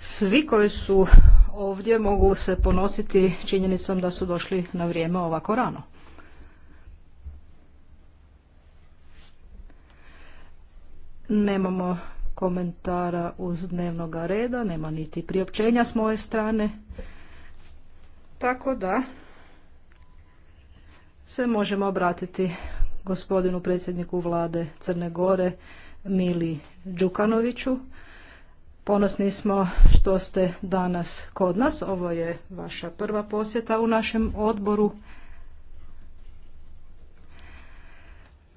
Svi koji su ovdje mogu se ponositi činjenicom da su došli na vrijeme ovako rano. Nemamo komentara uz dnevnog reda, nema niti priopćenja s moje strane. Tako da se možemo obratiti gospodinu predsjedniku vlade Crne Gore Mili Đukanoviću. Ponosni smo što ste danas kod nas. Ovo je vaša prva posjeta u našem odboru.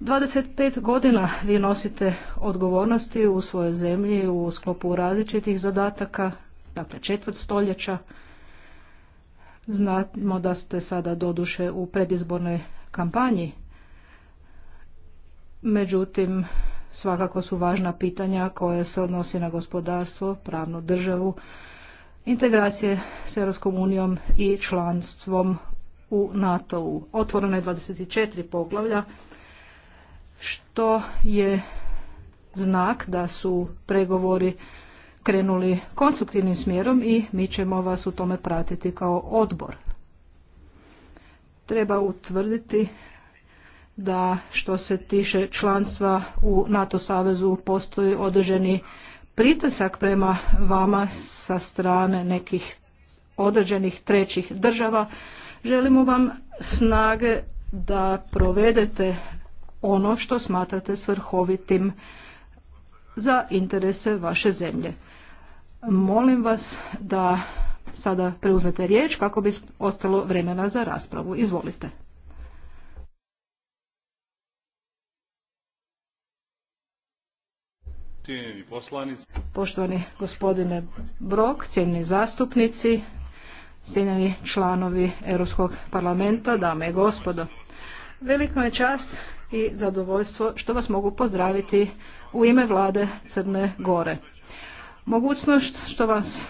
25 godina vi nosite odgovornosti u svojoj zemlji u sklopu različitih zadataka, dakle četvrt stoljeća. Znamo da ste sada doduše u predizbornoj kampanji, međutim svakako su važna pitanja koje se odnose na gospodarstvo, pravnu državu, integracije s Europskom unijom i članstvom u NATO-u. Otvoreno je 24 poglavlja, što je znak da su pregovori krenuli konstruktivnim smjerom i mi ćemo vas u tome pratiti kao odbor. Treba utvrditi da što se tiše članstva u NATO savezu postoji određeni pritisak prema vama sa strane nekih određenih trećih država. Želimo vam snage da provedete ono što smatrate svrhovitim za interese vaše zemlje. Molim vas da sada preuzmete riječ kako bi ostalo vremena za raspravu. Izvolite. Poštovani gospodine Brok, cijenjeni zastupnici, cijenjeni članovi Europskog parlamenta, dame i gospodo. Velika je čast i zadovoljstvo što vas mogu pozdraviti u ime vlade Crne Gore. Mogućnost što, vas,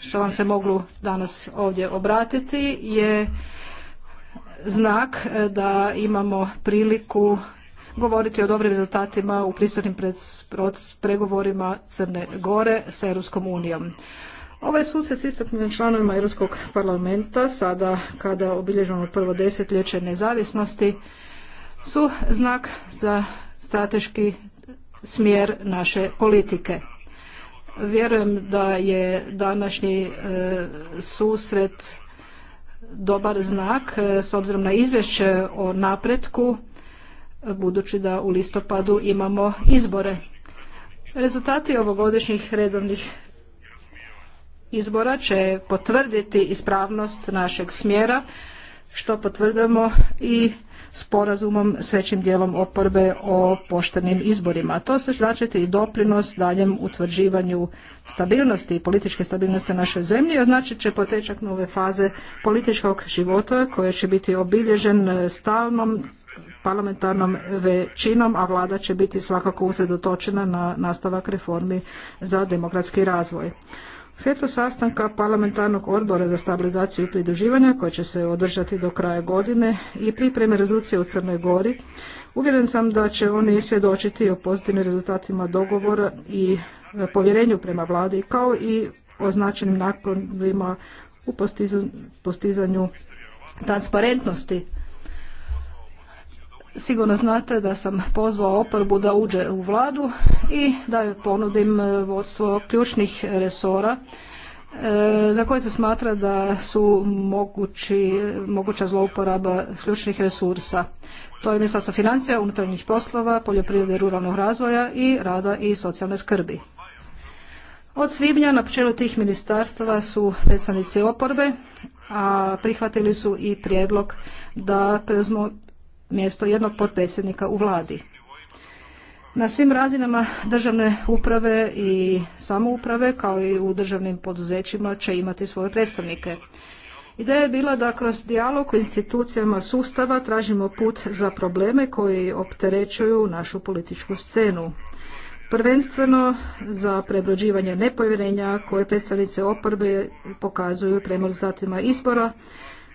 što vam se moglo danas ovdje obratiti je znak da imamo priliku govoriti o dobrim rezultatima u pristupnim pregovorima Crne Gore sa Europskom unijom. Ovaj susret s istaknutim članovima Europskog parlamenta sada kada obilježavamo prvo desetljeće nezavisnosti su znak za strateški smjer naše politike. Vjerujem da je današnji e, susret dobar znak e, s obzirom na izvješće o napretku budući da u listopadu imamo izbore. Rezultati ovogodišnjih redovnih izbora će potvrditi ispravnost našeg smjera, što potvrdamo i sporazumom s većim dijelom oporbe o poštenim izborima. To se značiti i doprinos daljem utvrđivanju stabilnosti i političke stabilnosti naše našoj zemlji, a znači će potečak nove faze političkog života koje će biti obilježen stalnom parlamentarnom većinom, a vlada će biti svakako usredotočena na nastavak reformi za demokratski razvoj. U sastanka parlamentarnog odbora za stabilizaciju i pridruživanje, koje će se održati do kraja godine i pripreme rezolucije u Crnoj Gori, uvjeren sam da će oni svjedočiti o pozitivnim rezultatima dogovora i e, povjerenju prema vladi kao i o značajnim naklonima u postizanju transparentnosti Sigurno znate da sam pozvao oporbu da uđe u vladu i da joj ponudim e, vodstvo ključnih resora e, za koje se smatra da su mogući, moguća zlouporaba ključnih resursa. To je ministarstvo financija, unutarnjih poslova, poljoprivrede ruralnog razvoja i rada i socijalne skrbi. Od svibnja na čelu tih ministarstava su predstavnici oporbe, a prihvatili su i prijedlog da preuzmu mjesto jednog potpredsjednika u vladi. Na svim razinama državne uprave i samouprave kao i u državnim poduzećima će imati svoje predstavnike. Ideja je bila da kroz dijalog o institucijama sustava tražimo put za probleme koji opterećuju našu političku scenu. Prvenstveno za prebrođivanje nepovjerenja koje predstavnice oporbe pokazuju prema rezultatima izbora,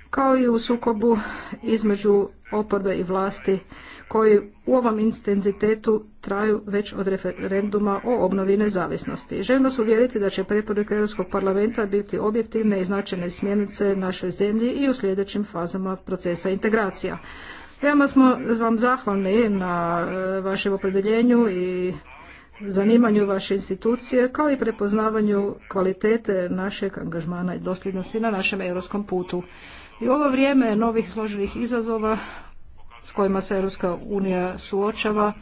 kao i u sukobu između oporbe i vlasti koji u ovom intenzitetu traju već od referenduma o obnovi nezavisnosti. Želim vas uvjeriti da će preporuke Europskog parlamenta biti objektivne i značajne smjernice našoj zemlji i u sljedećim fazama procesa integracija. Veoma smo vam zahvalni na e, vašem opredjeljenju i zanimanju vaše institucije, kao i prepoznavanju kvalitete našeg angažmana i dosljednosti na našem europskom putu. I ovo vrijeme novih složenih izazova s kojima se Europska unija suočava,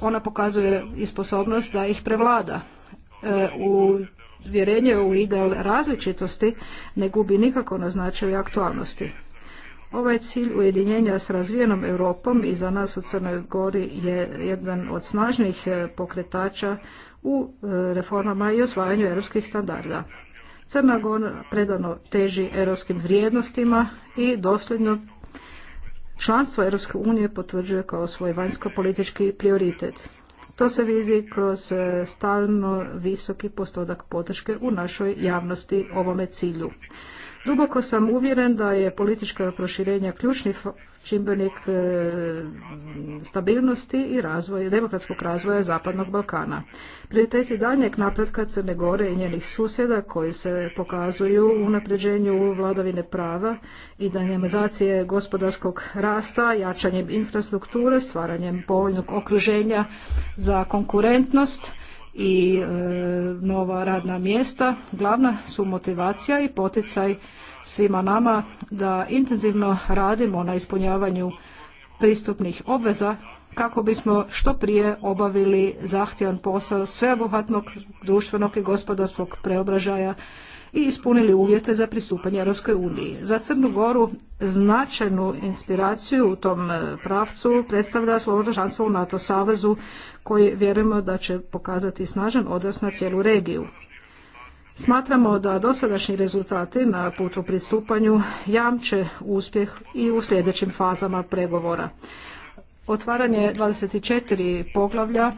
ona pokazuje i sposobnost da ih prevlada. E, u vjerenje u ideal različitosti ne gubi nikako na značaju aktualnosti. Ovaj cilj ujedinjenja s razvijenom Europom i za nas u Crnoj Gori je jedan od snažnih e, pokretača u e, reformama i osvajanju europskih standarda. Crna Gora predano teži europskim vrijednostima i dosljedno članstvo Europske unije potvrđuje kao svoj vanjsko-politički prioritet. To se vizi kroz e, stalno visoki postotak podrške u našoj javnosti ovome cilju. Duboko sam uvjeren da je politička proširenja ključni čimbenik e, stabilnosti i razvoja, demokratskog razvoja Zapadnog Balkana. Prioriteti daljnjeg napretka Crne Gore i njenih susjeda koji se pokazuju u unapređenju vladavine prava i dinamizacije gospodarskog rasta, jačanjem infrastrukture, stvaranjem povoljnog okruženja za konkurentnost, i e, nova radna mjesta glavna su motivacija i poticaj svima nama da intenzivno radimo na ispunjavanju pristupnih obveza kako bismo što prije obavili zahtjevan posao sveobuhvatnog društvenog i gospodarskog preobražaja i ispunili uvjete za pristupanje Europskoj uniji. Za Crnu Goru značajnu inspiraciju u tom e, pravcu predstavlja slobodno članstvo u NATO savezu koji vjerujemo da će pokazati snažan odnos na cijelu regiju. Smatramo da dosadašnji rezultati na putu pristupanju jamče uspjeh i u sljedećim fazama pregovora. Otvaranje 24 poglavlja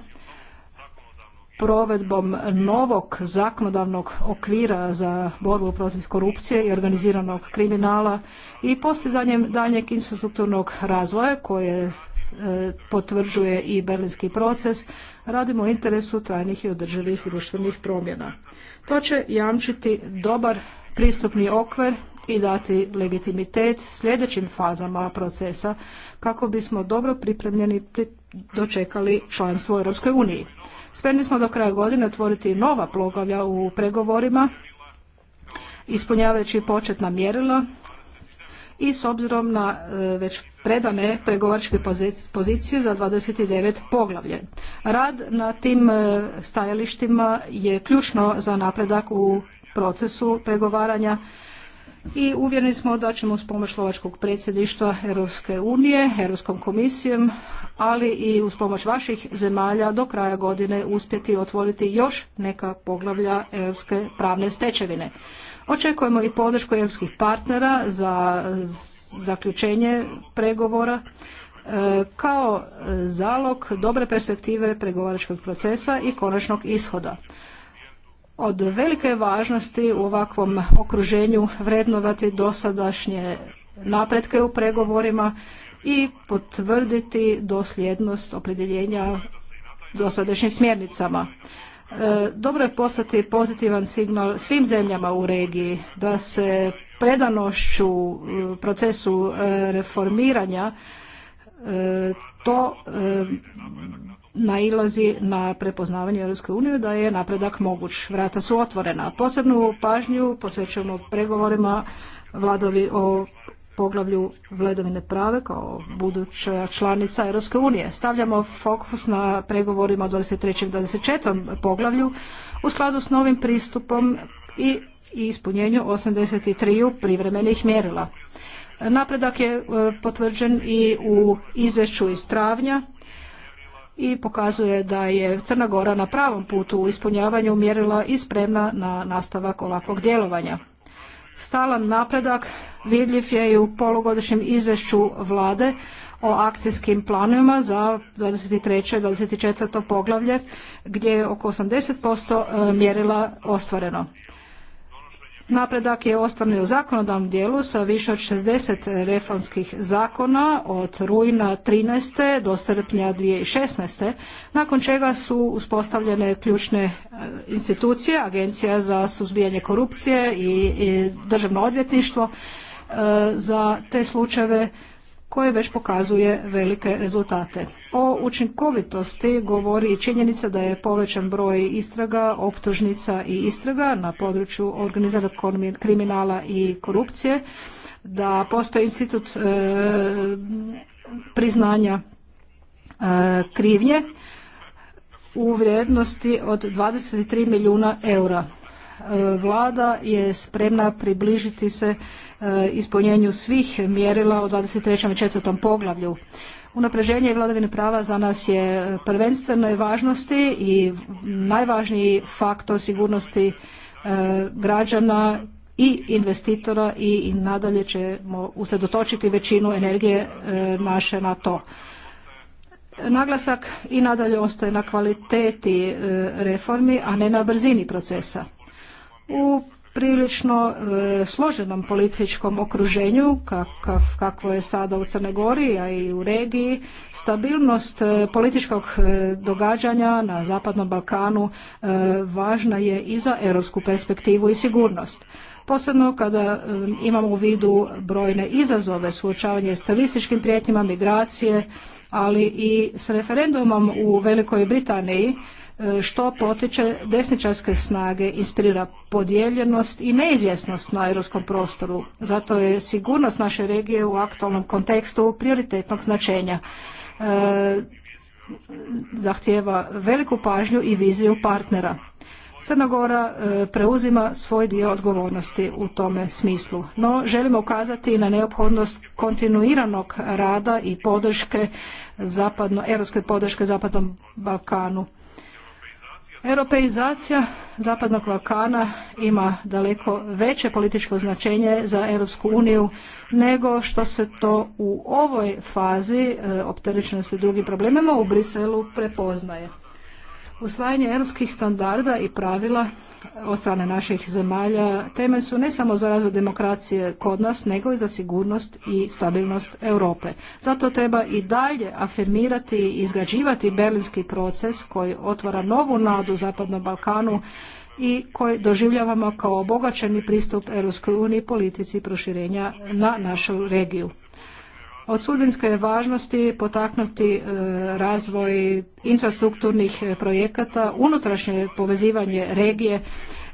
provedbom novog zakonodavnog okvira za borbu protiv korupcije i organiziranog kriminala i postizanjem daljnjeg infrastrukturnog razvoja koje e, potvrđuje i berlinski proces, radimo u interesu trajnih i održivih društvenih promjena. To će jamčiti dobar pristupni okvir i dati legitimitet sljedećim fazama procesa kako bismo dobro pripremljeni dočekali članstvo u Europskoj uniji. Spremni smo do kraja godine otvoriti nova poglavlja u pregovorima ispunjavajući početna mjerila i s obzirom na e, već predane pregovaračke pozicije za 29 poglavlje. Rad na tim e, stajalištima je ključno za napredak u procesu pregovaranja i uvjereni smo da ćemo s pomoć slovačkog predsjedništva Europske unije, Europskom komisijom, ali i uz pomoć vaših zemalja do kraja godine uspjeti otvoriti još neka poglavlja europske pravne stečevine. Očekujemo i podršku europskih partnera za zaključenje pregovora e, kao zalog dobre perspektive pregovaračkog procesa i konačnog ishoda. Od velike važnosti u ovakvom okruženju vrednovati dosadašnje napretke u pregovorima i potvrditi dosljednost opredjeljenja dosadašnjim smjernicama. E, dobro je postati pozitivan signal svim zemljama u regiji da se predanošću e, procesu e, reformiranja to nailazi na prepoznavanje Europske unije da je napredak moguć. Vrata su otvorena. Posebnu pažnju posvećujemo pregovorima vladovi o poglavlju vladavine prave kao buduća članica Europske unije. Stavljamo fokus na pregovorima o 23. i 24. poglavlju u skladu s novim pristupom i ispunjenju 83 privremenih mjerila. Napredak je e, potvrđen i u izvješću iz travnja i pokazuje da je Crna Gora na pravom putu u ispunjavanju mjerila i spremna na nastavak ovakvog djelovanja. Stalan napredak vidljiv je i u polugodišnjem izvješću vlade o akcijskim planovima za 23. i 24. poglavlje gdje je oko 80% e, mjerila ostvareno. Napredak je ostvaren u zakonodavnom dijelu sa više od 60 reformskih zakona od rujna 13. do srpnja 2016. nakon čega su uspostavljene ključne e, institucije, Agencija za suzbijanje korupcije i, i državno odvjetništvo e, za te slučajeve koje već pokazuje velike rezultate. O učinkovitosti govori i činjenica da je povećan broj istraga, optužnica i istraga na području organiziranog kriminala i korupcije, da postoji institut e, priznanja e, krivnje u vrijednosti od 23 milijuna eura. E, vlada je spremna približiti se Eh, ispunjenju svih mjerila u 23. i 4. poglavlju. Unapređenje vladavine prava za nas je prvenstvenoj važnosti i najvažniji faktor sigurnosti eh, građana i investitora i nadalje ćemo usredotočiti većinu energije eh, naše na to. Naglasak i nadalje ostaje na kvaliteti reformi, a ne na brzini procesa. U prilično e, složenom političkom okruženju kakav, kakvo je sada u Crnoj Gori, a i u regiji, stabilnost e, političkog e, događanja na Zapadnom Balkanu važna je i za europsku perspektivu i sigurnost. Posebno kada imamo u vidu brojne izazove suočavanje s terorističkim prijetnjima, migracije, ali i s referendumom u Velikoj Britaniji što potiče desničarske snage, inspirira podijeljenost i neizvjesnost na europskom prostoru. Zato je sigurnost naše regije u aktualnom kontekstu prioritetnog značenja. E, zahtijeva veliku pažnju i viziju partnera. Crna Gora e, preuzima svoj dio odgovornosti u tome smislu. No, želimo ukazati na neophodnost kontinuiranog rada i podrške zapadno, europske podrške Zapadnom Balkanu. Europeizacija Zapadnog Balkana ima daleko veće političko značenje za Europsku uniju nego što se to u ovoj fazi e, opterećenosti drugim problemima u Briselu prepoznaje. Usvajanje europskih standarda i pravila od strane naših zemalja teme su ne samo za razvoj demokracije kod nas, nego i za sigurnost i stabilnost Europe. Zato treba i dalje afirmirati i izgrađivati berlinski proces koji otvara novu nadu Zapadnom Balkanu i koji doživljavamo kao obogaćeni pristup Europskoj uniji politici proširenja na našu regiju. Od sudbinske je važnosti potaknuti e, razvoj infrastrukturnih e, projekata, unutrašnje povezivanje regije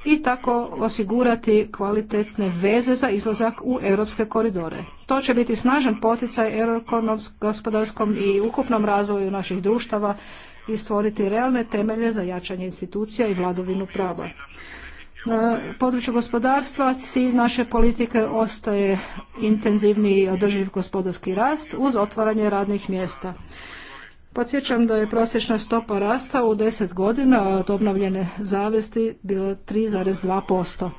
i tako osigurati kvalitetne veze za izlazak u europske koridore. To će biti snažan poticaj gospodarskom i ukupnom razvoju naših društava i stvoriti realne temelje za jačanje institucija i vladovinu prava. Na e, području gospodarstva cilj naše politike ostaje intenzivniji i održiv gospodarski rast uz otvaranje radnih mjesta. Podsjećam da je prosječna stopa rasta u deset godina od obnovljene zavesti bila 3,2%.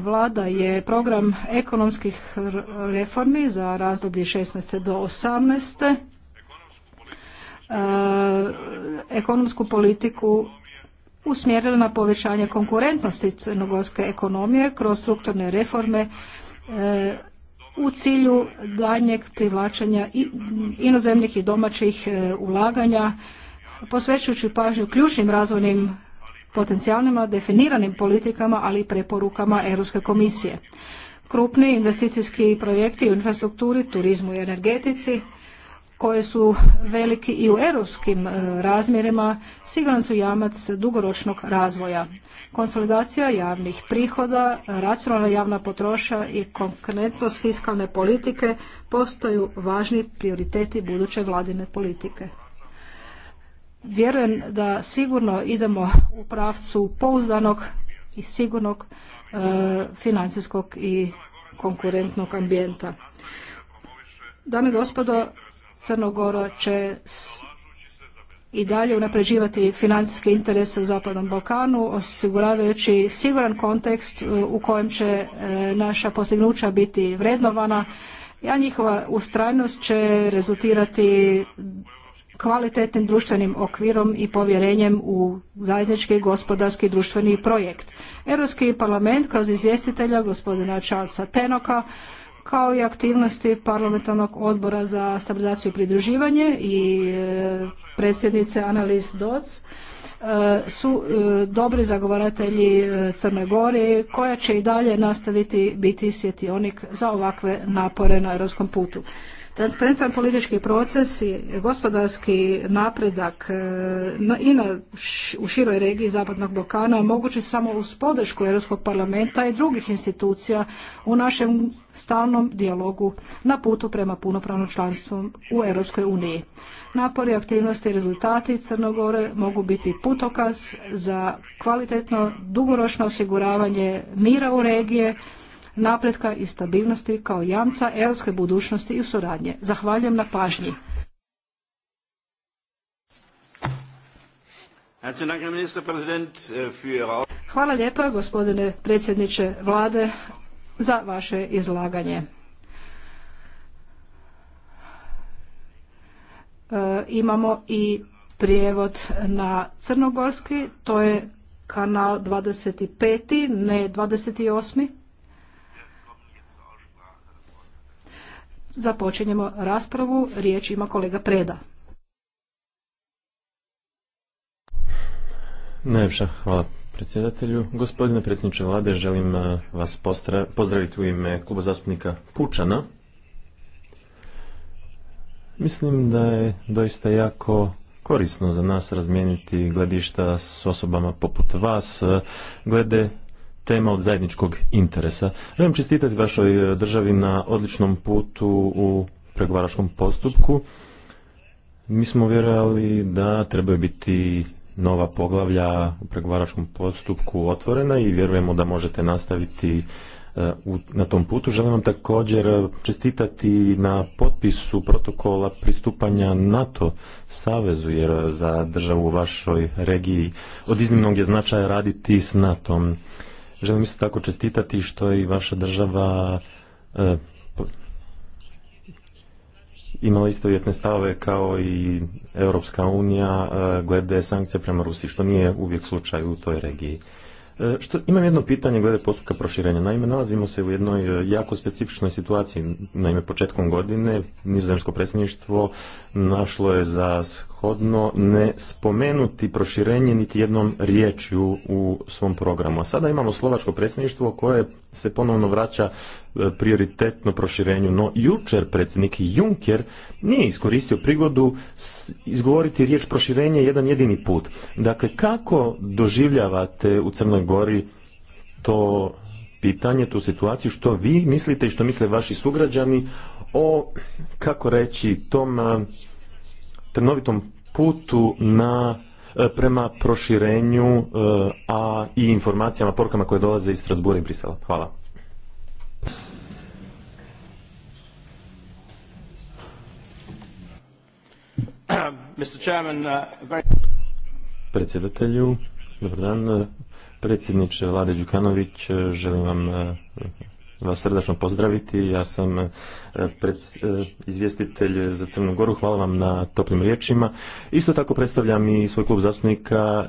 Vlada je program ekonomskih reformi za razdoblje 16. do 18. E, ekonomsku politiku usmjerila na povećanje konkurentnosti crnogorske ekonomije kroz strukturne reforme e, u cilju daljnjeg privlačenja inozemnih i domaćih e, ulaganja, posvećujući pažnju ključnim razvojnim potencijalnima, definiranim politikama, ali i preporukama Europske komisije. Krupni investicijski projekti u infrastrukturi, turizmu i energetici koje su veliki i u europskim e, razmjerima siguran su jamac dugoročnog razvoja. Konsolidacija javnih prihoda, racionalna javna potroša i konkretnost fiskalne politike postaju važni prioriteti buduće vladine politike. Vjerujem da sigurno idemo u pravcu pouzdanog i sigurnog e, financijskog i konkurentnog ambijenta. Dame i gospodo, Crnogora će i dalje unapređivati financijske interese u Zapadnom Balkanu, osiguravajući siguran kontekst e, u kojem će e, naša postignuća biti vrednovana, a njihova ustrajnost će rezultirati kvalitetnim društvenim okvirom i povjerenjem u zajednički gospodarski društveni projekt. Europski parlament kroz izvjestitelja gospodina Charlesa Tenoka kao i aktivnosti parlamentarnog odbora za stabilizaciju i pridruživanje i e, predsjednice Analiz Doc e, su e, dobri zagovaratelji Crne Gore koja će i dalje nastaviti biti svjetionik za ovakve napore na europskom putu. Transparentan politički proces i gospodarski napredak e, i na, u široj regiji Zapadnog Balkana moguće samo uz podršku Europskog parlamenta i drugih institucija u našem stalnom dijalogu na putu prema punopravnom članstvu u Europskoj uniji. Napori, aktivnosti i rezultati Crnogore mogu biti putokaz za kvalitetno dugoročno osiguravanje mira u regije napretka i stabilnosti kao jamca europske budućnosti i suradnje. Zahvaljujem na pažnji. Hvala lijepa gospodine predsjedniče vlade za vaše izlaganje. E, imamo i prijevod na crnogorski, to je kanal 25, ne 28. Započinjemo raspravu. Riječ ima kolega Preda. Najljepša hvala predsjedatelju. Gospodine predsjedniče vlade, želim eh, vas pozdraviti u ime kluba zastupnika Pučana. Mislim da je doista jako korisno za nas razmijeniti gledišta s osobama poput vas eh, glede tema od zajedničkog interesa. Želim čestitati vašoj državi na odličnom putu u pregovaračkom postupku. Mi smo vjerovali da trebaju biti nova poglavlja u pregovaračkom postupku otvorena i vjerujemo da možete nastaviti e, na tom putu. Želim vam također čestitati na potpisu protokola pristupanja NATO savezu, jer za državu u vašoj regiji od iznimnog je značaja raditi s NATO-om. Želim isto tako čestitati što i vaša država e, imala istovjetne stave kao i Europska unija e, glede sankcija prema Rusiji, što nije uvijek slučaj u toj regiji. E, što, imam jedno pitanje glede postupka proširenja. Naime, nalazimo se u jednoj e, jako specifičnoj situaciji. Naime, početkom godine nizozemsko predsjedništvo našlo je za neophodno ne spomenuti proširenje niti jednom riječju u svom programu. A sada imamo slovačko predsjedništvo koje se ponovno vraća e, prioritetno proširenju, no jučer predsjednik Juncker nije iskoristio prigodu izgovoriti riječ proširenje jedan jedini put. Dakle, kako doživljavate u Crnoj Gori to pitanje, tu situaciju, što vi mislite i što misle vaši sugrađani o, kako reći, tom trnovitom putu na e, prema proširenju e, a i informacijama, porukama koje dolaze iz Strasbura i Brisela. Hvala. Uh, Predsjedatelju, dobar dan. Predsjedniče Vlade Đukanović, želim vam e, vas srdačno pozdraviti. Ja sam e, e, izvjestitelj za Crnu Goru. Hvala vam na toplim riječima. Isto tako predstavljam i svoj klub zastupnika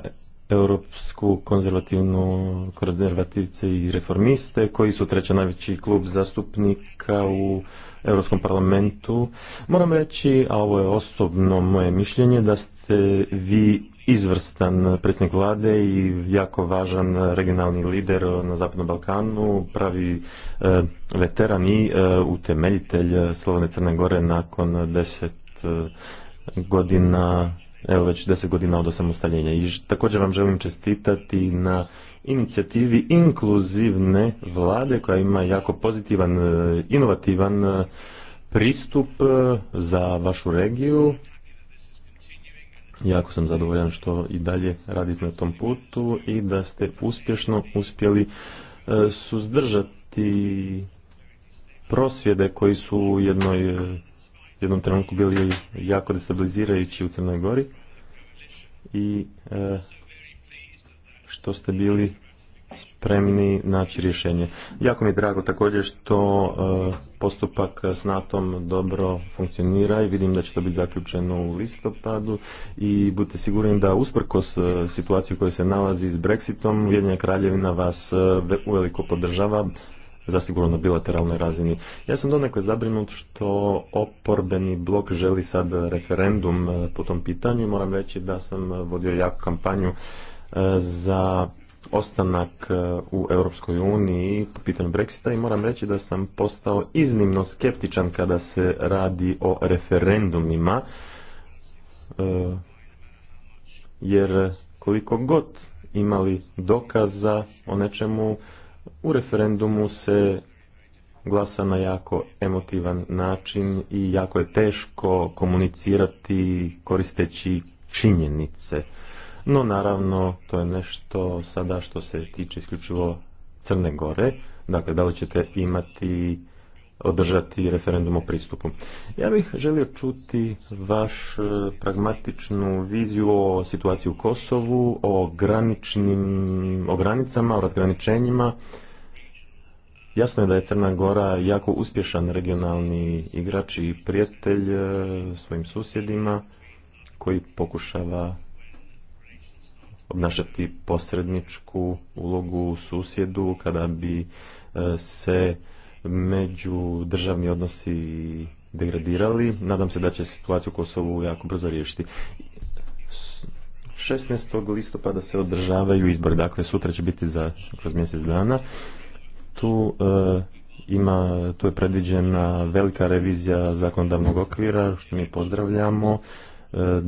Europsku konzervativnu konzervativce i reformiste koji su treći najveći klub zastupnika u Europskom parlamentu. Moram reći, a ovo je osobno moje mišljenje, da ste vi izvrstan predsjednik vlade i jako važan regionalni lider na Zapadnom Balkanu, pravi eh, veteran i eh, utemeljitelj Slovene Crne Gore nakon deset eh, godina, evo već deset godina od osamostaljenja. I također vam želim čestitati na inicijativi inkluzivne vlade koja ima jako pozitivan, inovativan pristup za vašu regiju Jako sam zadovoljan što i dalje radite na tom putu i da ste uspješno uspjeli e, suzdržati prosvjede koji su u jednoj, e, jednom trenutku bili jako destabilizirajući u Crnoj Gori i e, što ste bili spremni naći rješenje. Jako mi je drago također što e, postupak s NATO-om dobro funkcionira i vidim da će to biti zaključeno u listopadu i budite sigurni da usprkos e, situaciju koja se nalazi s Brexitom, Ujedinja Kraljevina vas e, uveliko podržava zasigurno na bilateralnoj razini. Ja sam donekle zabrinut što oporbeni blok želi sad referendum po tom pitanju moram reći da sam vodio jaku kampanju za ostanak eh, u Europskoj uniji po pitanju Brexita i moram reći da sam postao iznimno skeptičan kada se radi o referendumima eh, jer koliko god imali dokaza o nečemu u referendumu se glasa na jako emotivan način i jako je teško komunicirati koristeći činjenice. No naravno, to je nešto sada što se tiče isključivo Crne Gore, dakle da li ćete imati održati referendum o pristupu. Ja bih želio čuti vaš e, pragmatičnu viziju o situaciji u Kosovu, o graničnim, o granicama, o razgraničenjima. Jasno je da je Crna Gora jako uspješan regionalni igrač i prijatelj e, svojim susjedima koji pokušava obnašati posredničku ulogu susjedu kada bi e, se među državni odnosi degradirali. Nadam se da će situaciju u Kosovu jako brzo riješiti. 16. listopada se održavaju izbori, dakle sutra će biti za kroz mjesec dana. Tu e, ima, tu je predviđena velika revizija zakonodavnog okvira što mi pozdravljamo. E,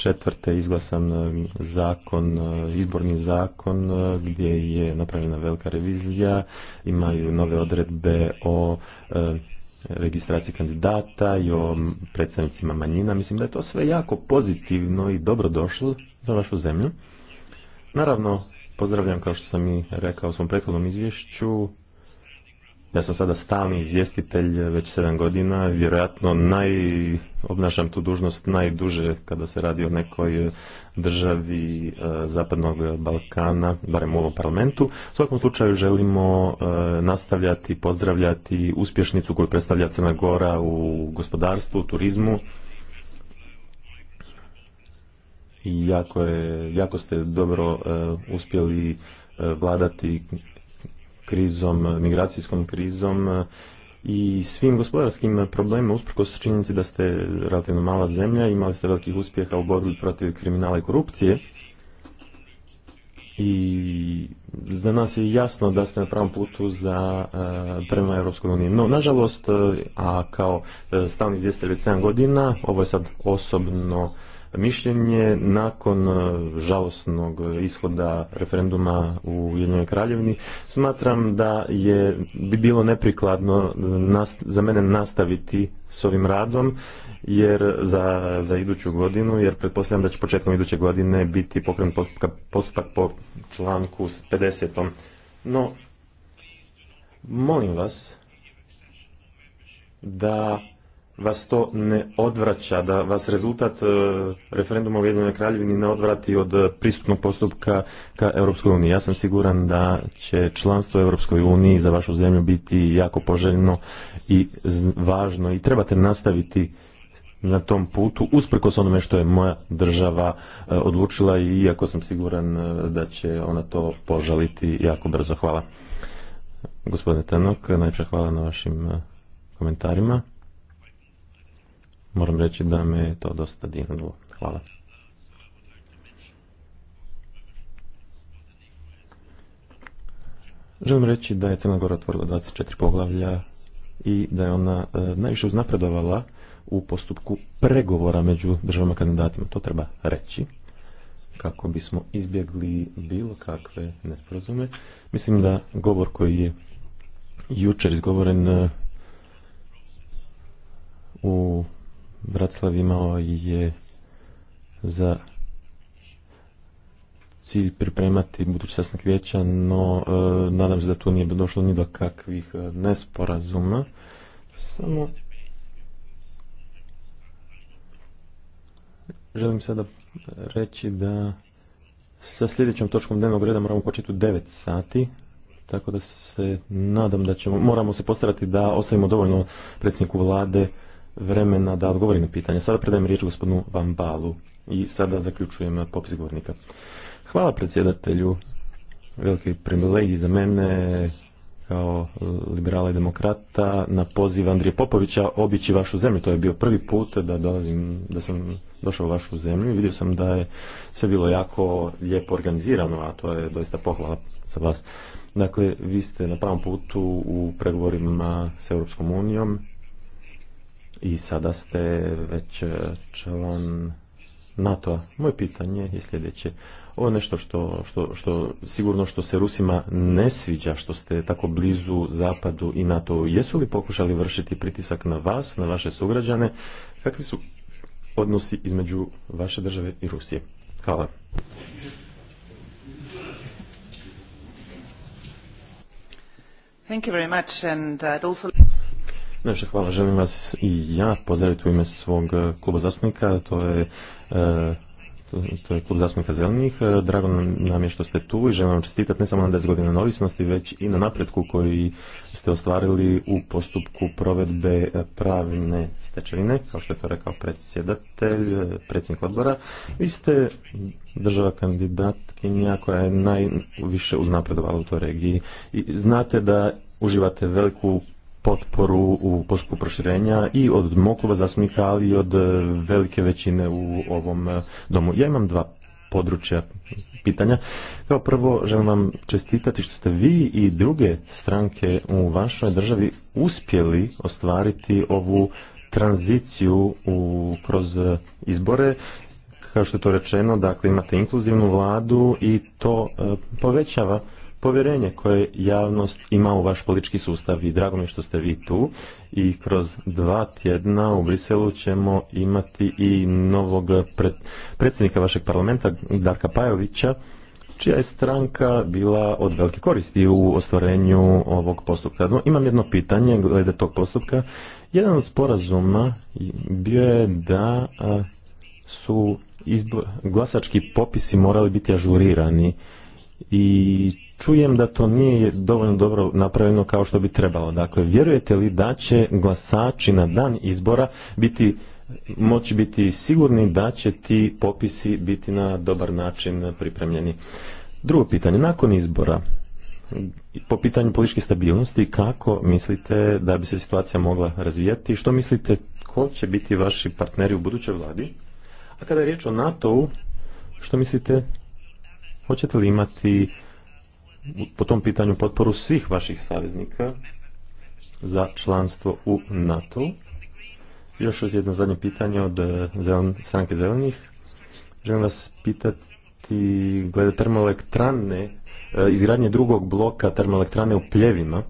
četvrte izglasan e, zakon, e, izborni zakon e, gdje je napravljena velika revizija, imaju nove odredbe o registraciji kandidata i o predstavnicima manjina. Mislim da je to sve jako pozitivno i dobro došlo za vašu zemlju. Naravno, pozdravljam, kao što sam i rekao u svom prethodnom izvješću, ja sam sada stalni izvjestitelj već 7 godina, vjerojatno naj, obnašam tu dužnost najduže kada se radi o nekoj državi e, Zapadnog Balkana, barem u ovom parlamentu. U svakom slučaju želimo e, nastavljati, pozdravljati uspješnicu koju predstavlja Crna Gora u gospodarstvu, u turizmu. I jako, je, jako ste dobro e, uspjeli vladati krizom, migracijskom krizom eh, i svim gospodarskim problemima, usprkos činjenici da ste relativno mala zemlja, imali ste velikih uspjeha u borbi protiv kriminala i korupcije. I za nas je jasno da ste na pravom putu za, eh, prema Europsku uniji. No, nažalost, eh, a kao stalni izvjestitelj već 7 godina, ovo je sad osobno mišljenje nakon e, žalosnog ishoda referenduma u Jednoj Kraljevini. Smatram da je bi bilo neprikladno nas, za mene nastaviti s ovim radom jer za, za iduću godinu jer pretpostavljam da će početkom iduće godine biti pokrenut postupak, postupak po članku 50. No, molim vas da vas to ne odvraća, da vas rezultat e, referenduma u jednoj kraljevini ne odvrati od e, pristupnog postupka ka Europskoj uniji. Ja sam siguran da će članstvo Europskoj uniji za vašu zemlju biti jako poželjno i važno i trebate nastaviti na tom putu, usprkos onome što je moja država e, odlučila i iako sam siguran da će ona to požaliti jako brzo. Hvala. Gospodine Tenok, Najpša hvala na vašim komentarima. Moram reći da me je to dosta dirnulo. Hvala. Želim reći da je Crna Gora otvorila 24 poglavlja i da je ona e, najviše uznapredovala u postupku pregovora među državama kandidatima. To treba reći kako bismo izbjegli bilo kakve nesporazume. Mislim da govor koji je jučer izgovoren e, u Bratislav imao je za cilj pripremati budući sastanak vijeća, no e, nadam se da tu nije došlo ni do kakvih e, nesporazuma. Samo želim sada reći da sa sljedećom točkom dnevnog reda moramo početi u 9 sati, tako da se nadam da ćemo, moramo se postaviti da ostavimo dovoljno predsjedniku vlade vremena da odgovorim na pitanje. Sada predajem riječ gospodinu Vambalu i sada zaključujem popis govornika. Hvala predsjedatelju, veliki privilegije za mene kao liberala i demokrata na poziv Andrije Popovića obići vašu zemlju. To je bio prvi put da dolazim, da sam došao u vašu zemlju i vidio sam da je sve bilo jako lijepo organizirano, a to je doista pohvala za vas. Dakle, vi ste na pravom putu u pregovorima s Europskom unijom i sada ste već e, član NATO-a. Moje pitanje je sljedeće. Ovo je nešto što, što, što sigurno što se Rusima ne sviđa, što ste tako blizu Zapadu i nato Jesu li pokušali vršiti pritisak na vas, na vaše sugrađane? Kakvi su odnosi između vaše države i Rusije? Hvala. Thank you very much and also... Najviše hvala, želim vas i ja pozdraviti u ime svog e, kluba zastupnika, to je e, to je klub zastupnika zelenih. E, drago nam je što ste tu i želim vam čestitati ne samo na 10 godina novisnosti, već i na napretku koji ste ostvarili u postupku provedbe pravne stečevine, kao što je to rekao predsjedatelj, predsjednik odbora. Vi ste država kandidatkinja koja je najviše uznapredovala u toj regiji i znate da uživate veliku potporu u postupku proširenja i od mog zastupnika, ali i od e, velike većine u ovom e, domu. Ja imam dva područja pitanja. Kao prvo želim vam čestitati što ste vi i druge stranke u vašoj državi uspjeli ostvariti ovu tranziciju kroz e, izbore. Kao što je to rečeno, dakle imate inkluzivnu vladu i to povećava povjerenje koje javnost ima u vaš politički sustav i drago mi je što ste vi tu i kroz dva tjedna u Briselu ćemo imati i novog pred, predsjednika vašeg parlamenta Darka Pajovića čija je stranka bila od velike koristi u ostvarenju ovog postupka. No, imam jedno pitanje glede tog postupka. Jedan od sporazuma bio je da su glasački popisi morali biti ažurirani i čujem da to nije dovoljno dobro napravljeno kao što bi trebalo. Dakle, vjerujete li da će glasači na dan izbora biti moći biti sigurni da će ti popisi biti na dobar način pripremljeni. Drugo pitanje, nakon izbora, po pitanju političke stabilnosti, kako mislite da bi se situacija mogla razvijati? Što mislite, ko će biti vaši partneri u budućoj vladi? A kada je riječ o NATO-u, što mislite, hoćete li imati po tom pitanju potporu svih vaših saveznika za članstvo u NATO. Još jedno zadnje pitanje od eh, zelen, stranke zelenih. Želim vas pitati glede termoelektrane, eh, izgradnje drugog bloka termoelektrane u pljevima.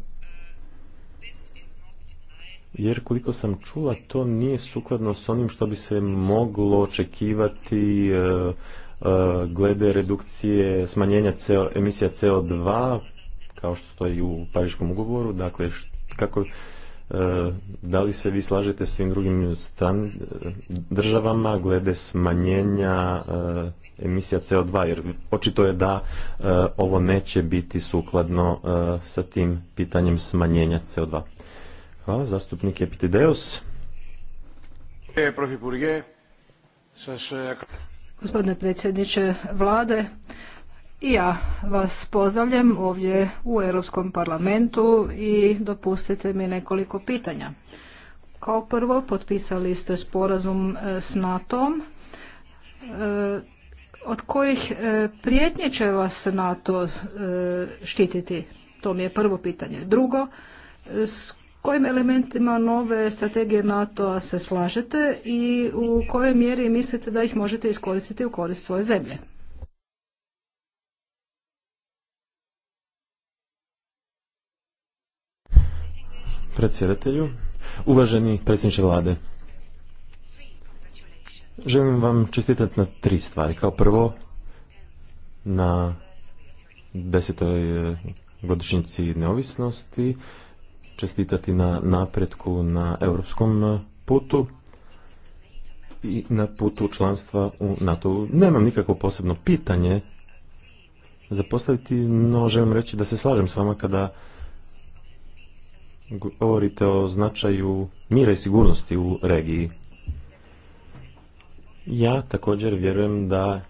Jer koliko sam čula, to nije sukladno s onim što bi se moglo očekivati eh, E, glede redukcije smanjenja emisija CO2 kao što stoji u Pariškom ugovoru, dakle kako e, da li se vi slažete s svim drugim stran, e, državama glede smanjenja emisija CO2 jer očito je da ovo neće biti sukladno sa tim pitanjem smanjenja CO2. Hvala, zastupnik Epitideos. Gospodine predsjedniče vlade, i ja vas pozdravljam ovdje u Europskom parlamentu i dopustite mi nekoliko pitanja. Kao prvo, potpisali ste sporazum e, s NATO-om. E, od kojih e, prijetnje će vas NATO štititi? To mi je prvo pitanje. Drugo, s kojim elementima nove strategije NATO-a se slažete i u kojoj mjeri mislite da ih možete iskoristiti u korist svoje zemlje? Predsjedatelju, uvaženi predsjedniče vlade, želim vam čestitati na tri stvari. Kao prvo, na desetoj eh, godišnjici neovisnosti, čestitati na napretku na europskom putu i na putu članstva u NATO. Nemam nikako posebno pitanje za postaviti, no želim reći da se slažem s vama kada govorite o značaju mira i sigurnosti u regiji. Ja također vjerujem da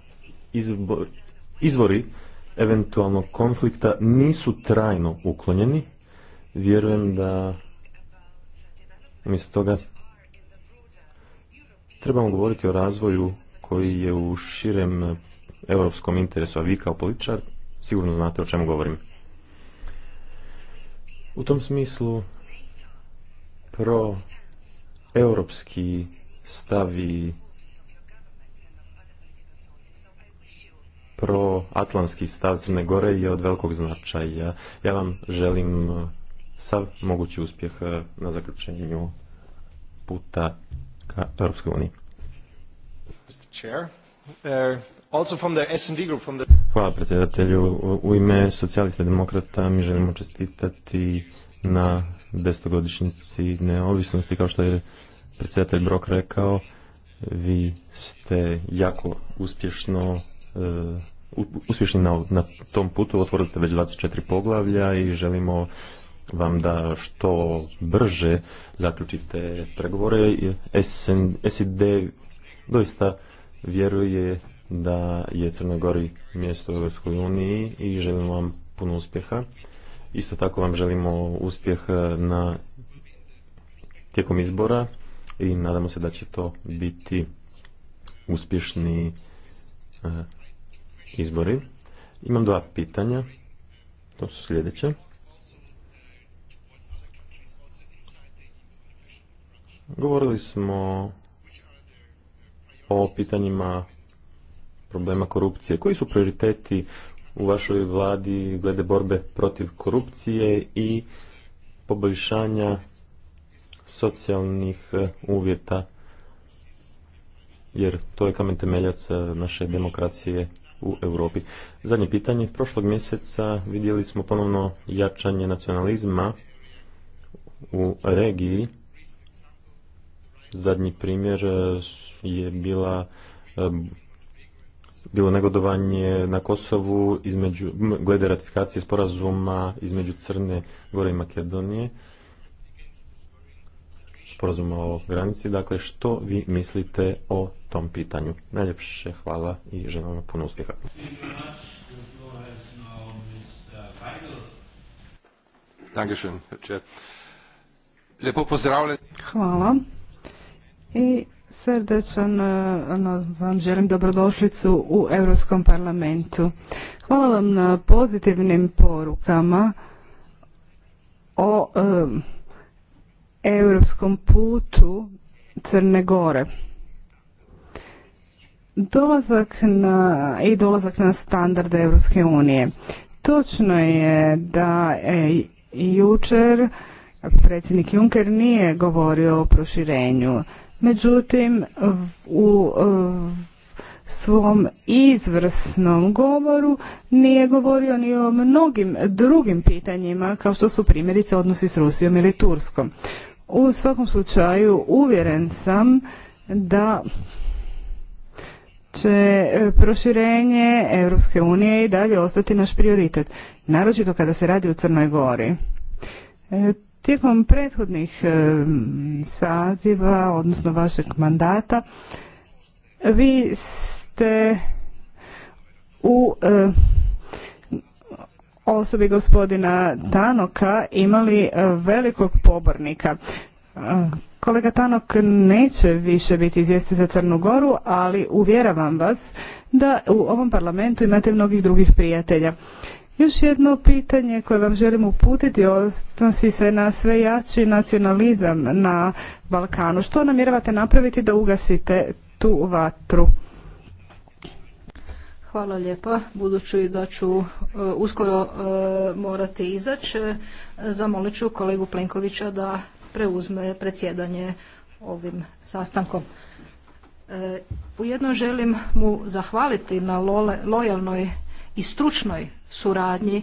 izvori eventualnog konflikta nisu trajno uklonjeni vjerujem da umjesto toga trebamo govoriti o razvoju koji je u širem europskom interesu, a vi kao političar sigurno znate o čemu govorim. U tom smislu pro europski stavi pro atlantski stav Crne Gore je od velikog značaja. Ja vam želim sav mogući uspjeh e, na zaključenju puta ka Europskoj uniji. E, Hvala predsjedatelju. U ime socijalista demokrata mi želimo čestitati na desetogodišnjici neovisnosti. Kao što je predsjedatelj Brok rekao, vi ste jako uspješno e, uspješni na, tom putu. Otvorili ste već 24 poglavlja i želimo vam da što brže zaključite pregovore. S&D doista vjeruje da je Crna Gori mjesto u Europskoj uniji i želim vam puno uspjeha. Isto tako vam želimo uspjeh na tijekom izbora i nadamo se da će to biti uspješni eh, izbori. Imam dva pitanja. To su sljedeće. Govorili smo o pitanjima problema korupcije. Koji su prioriteti u vašoj vladi glede borbe protiv korupcije i poboljšanja socijalnih eh, uvjeta? Jer to je kamen temeljac eh, naše demokracije u Europi. Zadnje pitanje. Prošlog mjeseca vidjeli smo ponovno jačanje nacionalizma u regiji zadnji primjer e, je bila e, bilo negodovanje na Kosovu između, glede ratifikacije sporazuma između Crne Gore i Makedonije sporazuma o granici. Dakle, što vi mislite o tom pitanju? Najljepše hvala i želim vam puno uspjeha. Hvala i srdečan e, ono, vam želim dobrodošlicu u Europskom parlamentu. Hvala vam na pozitivnim porukama o e, europskom putu Crne Gore. Dolazak na, i dolazak na standarde Europske unije. Točno je da e, jučer predsjednik Juncker nije govorio o proširenju. Međutim, u svom izvrsnom govoru nije govorio ni o mnogim drugim pitanjima kao što su primjerice odnosi s Rusijom ili Turskom. U svakom slučaju uvjeren sam da će proširenje Europske unije i dalje ostati naš prioritet, naročito kada se radi o Crnoj Gori. E, Tijekom prethodnih e, saziva, odnosno vašeg mandata, vi ste u e, osobi gospodina Tanoka imali e, velikog pobornika. Kolega Tanok neće više biti izvjestitelj za Crnu Goru, ali uvjeravam vas da u ovom parlamentu imate mnogih drugih prijatelja. Još jedno pitanje koje vam želim uputiti odnosi se na sve jači nacionalizam na Balkanu. Što namjeravate napraviti da ugasite tu vatru? Hvala lijepa. Budući da ću e, uskoro e, morati izaći, e, zamolit ću kolegu Plenkovića da preuzme predsjedanje ovim sastankom. Ujedno želim mu zahvaliti na lojalnoj i stručnoj suradnji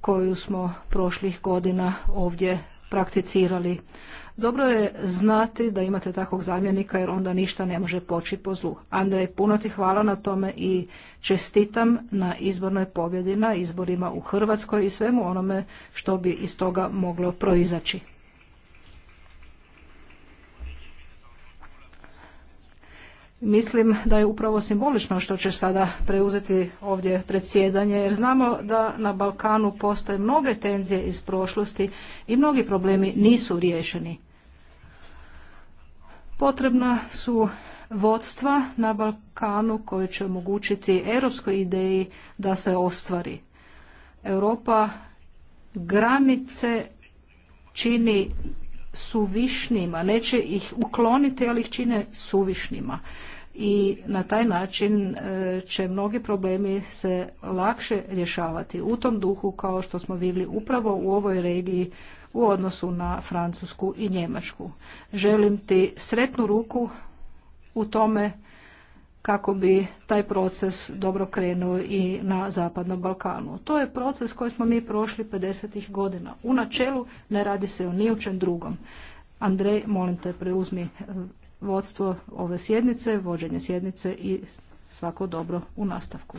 koju smo prošlih godina ovdje prakticirali. Dobro je znati da imate takvog zamjenika jer onda ništa ne može poći po zlu. Andrej, puno ti hvala na tome i čestitam na izbornoj pobjedi, na izborima u Hrvatskoj i svemu onome što bi iz toga moglo proizaći. Mislim da je upravo simbolično što će sada preuzeti ovdje predsjedanje jer znamo da na Balkanu postoje mnoge tenzije iz prošlosti i mnogi problemi nisu riješeni. Potrebna su vodstva na Balkanu koje će omogućiti europskoj ideji da se ostvari. Europa granice čini suvišnima, neće ih ukloniti, ali ih čine suvišnima. I na taj način e, će mnogi problemi se lakše rješavati. U tom duhu, kao što smo vidjeli upravo u ovoj regiji, u odnosu na Francusku i Njemačku. Želim ti sretnu ruku u tome kako bi taj proces dobro krenuo i na Zapadnom Balkanu. To je proces koji smo mi prošli 50. godina. U načelu ne radi se o nijučem drugom. Andrej, molim te, preuzmi eh, vodstvo ove sjednice, vođenje sjednice i svako dobro u nastavku.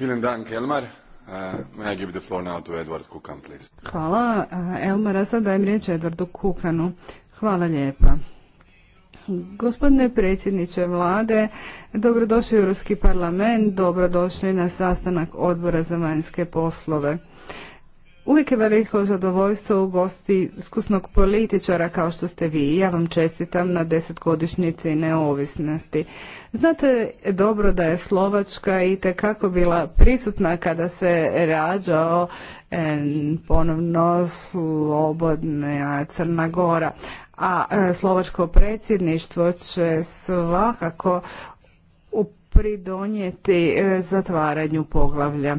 Elmar. Uh, I give Hvala, uh, Elmar, a sad dajem riječ Edwardu Kukanu. Hvala lijepa. Gospodine predsjedniče vlade, dobrodošli u Europski parlament, dobrodošli na sastanak odbora za vanjske poslove. Uvijek je veliko zadovoljstvo u gosti iskusnog političara kao što ste vi. Ja vam čestitam na desetgodišnjici neovisnosti. Znate dobro da je Slovačka i tekako bila prisutna kada se rađao ponovno e, ponovno slobodna Crna Gora. A e, slovačko predsjedništvo će svakako pridonijeti e, zatvaranju poglavlja.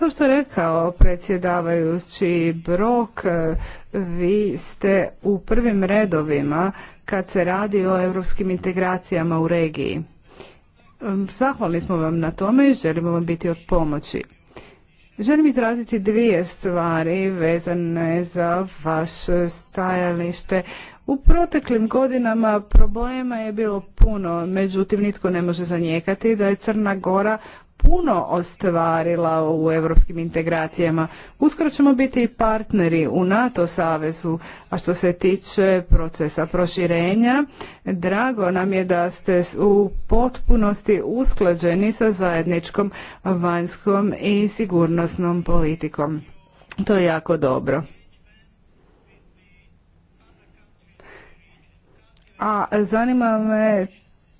Kao što je rekao predsjedavajući Brok, e, vi ste u prvim redovima kad se radi o europskim integracijama u regiji. Zahvalni smo vam na tome i želimo vam biti od pomoći. Želim izraziti dvije stvari vezane za vaše stajalište. U proteklim godinama problema je bilo puno, međutim nitko ne može zanijekati da je Crna Gora puno ostvarila u europskim integracijama. Uskoro ćemo biti i partneri u NATO savezu, a što se tiče procesa proširenja, drago nam je da ste u potpunosti usklađeni sa zajedničkom vanjskom i sigurnosnom politikom. To je jako dobro. A zanima me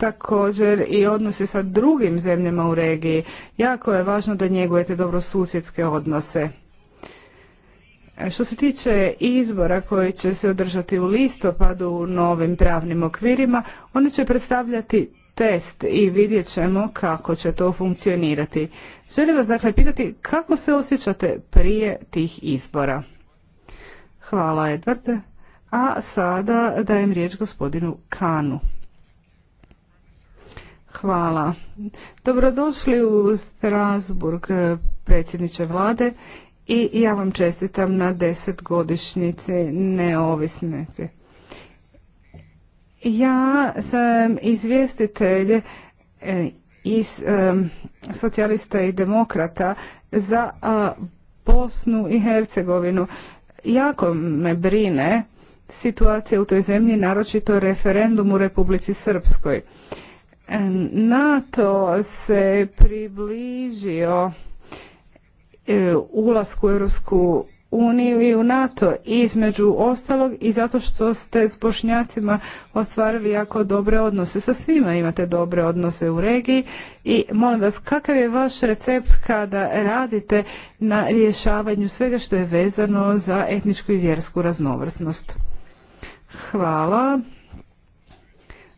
također i odnose sa drugim zemljama u regiji. Jako je važno da njegujete dobro susjedske odnose. E, što se tiče izbora koji će se održati u listopadu u novim pravnim okvirima, oni će predstavljati test i vidjet ćemo kako će to funkcionirati. Želim vas dakle pitati kako se osjećate prije tih izbora. Hvala Edvarde. A sada dajem riječ gospodinu Kanu. Hvala. Dobrodošli u Strasburg, eh, predsjedniče vlade, i ja vam čestitam na godišnjice neovisnice. Ja sam izvjestitelj eh, iz eh, socijalista i demokrata za Bosnu i Hercegovinu. Jako me brine situacija u toj zemlji, naročito referendum u Republici Srpskoj. NATO se približio e, ulasku u Europsku uniju i u NATO između ostalog i zato što ste s Bošnjacima ostvarili jako dobre odnose. Sa svima imate dobre odnose u regiji i molim vas kakav je vaš recept kada radite na rješavanju svega što je vezano za etničku i vjersku raznovrsnost? Hvala.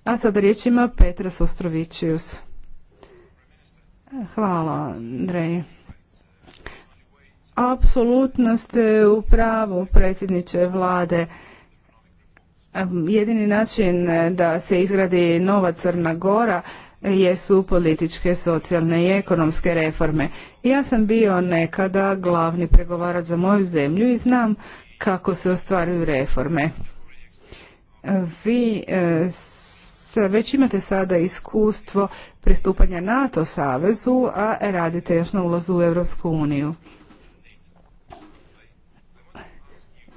A sada riječ ima Petras Sostrovićijus. Hvala, Andrej. Apsolutno ste u pravu, predsjedniče vlade. Jedini način da se izgradi nova Crna Gora jesu političke, socijalne i ekonomske reforme. Ja sam bio nekada glavni pregovarač za moju zemlju i znam kako se ostvaruju reforme. Vi eh, već imate sada iskustvo pristupanja NATO savezu, a radite još na ulazu u Europsku uniju.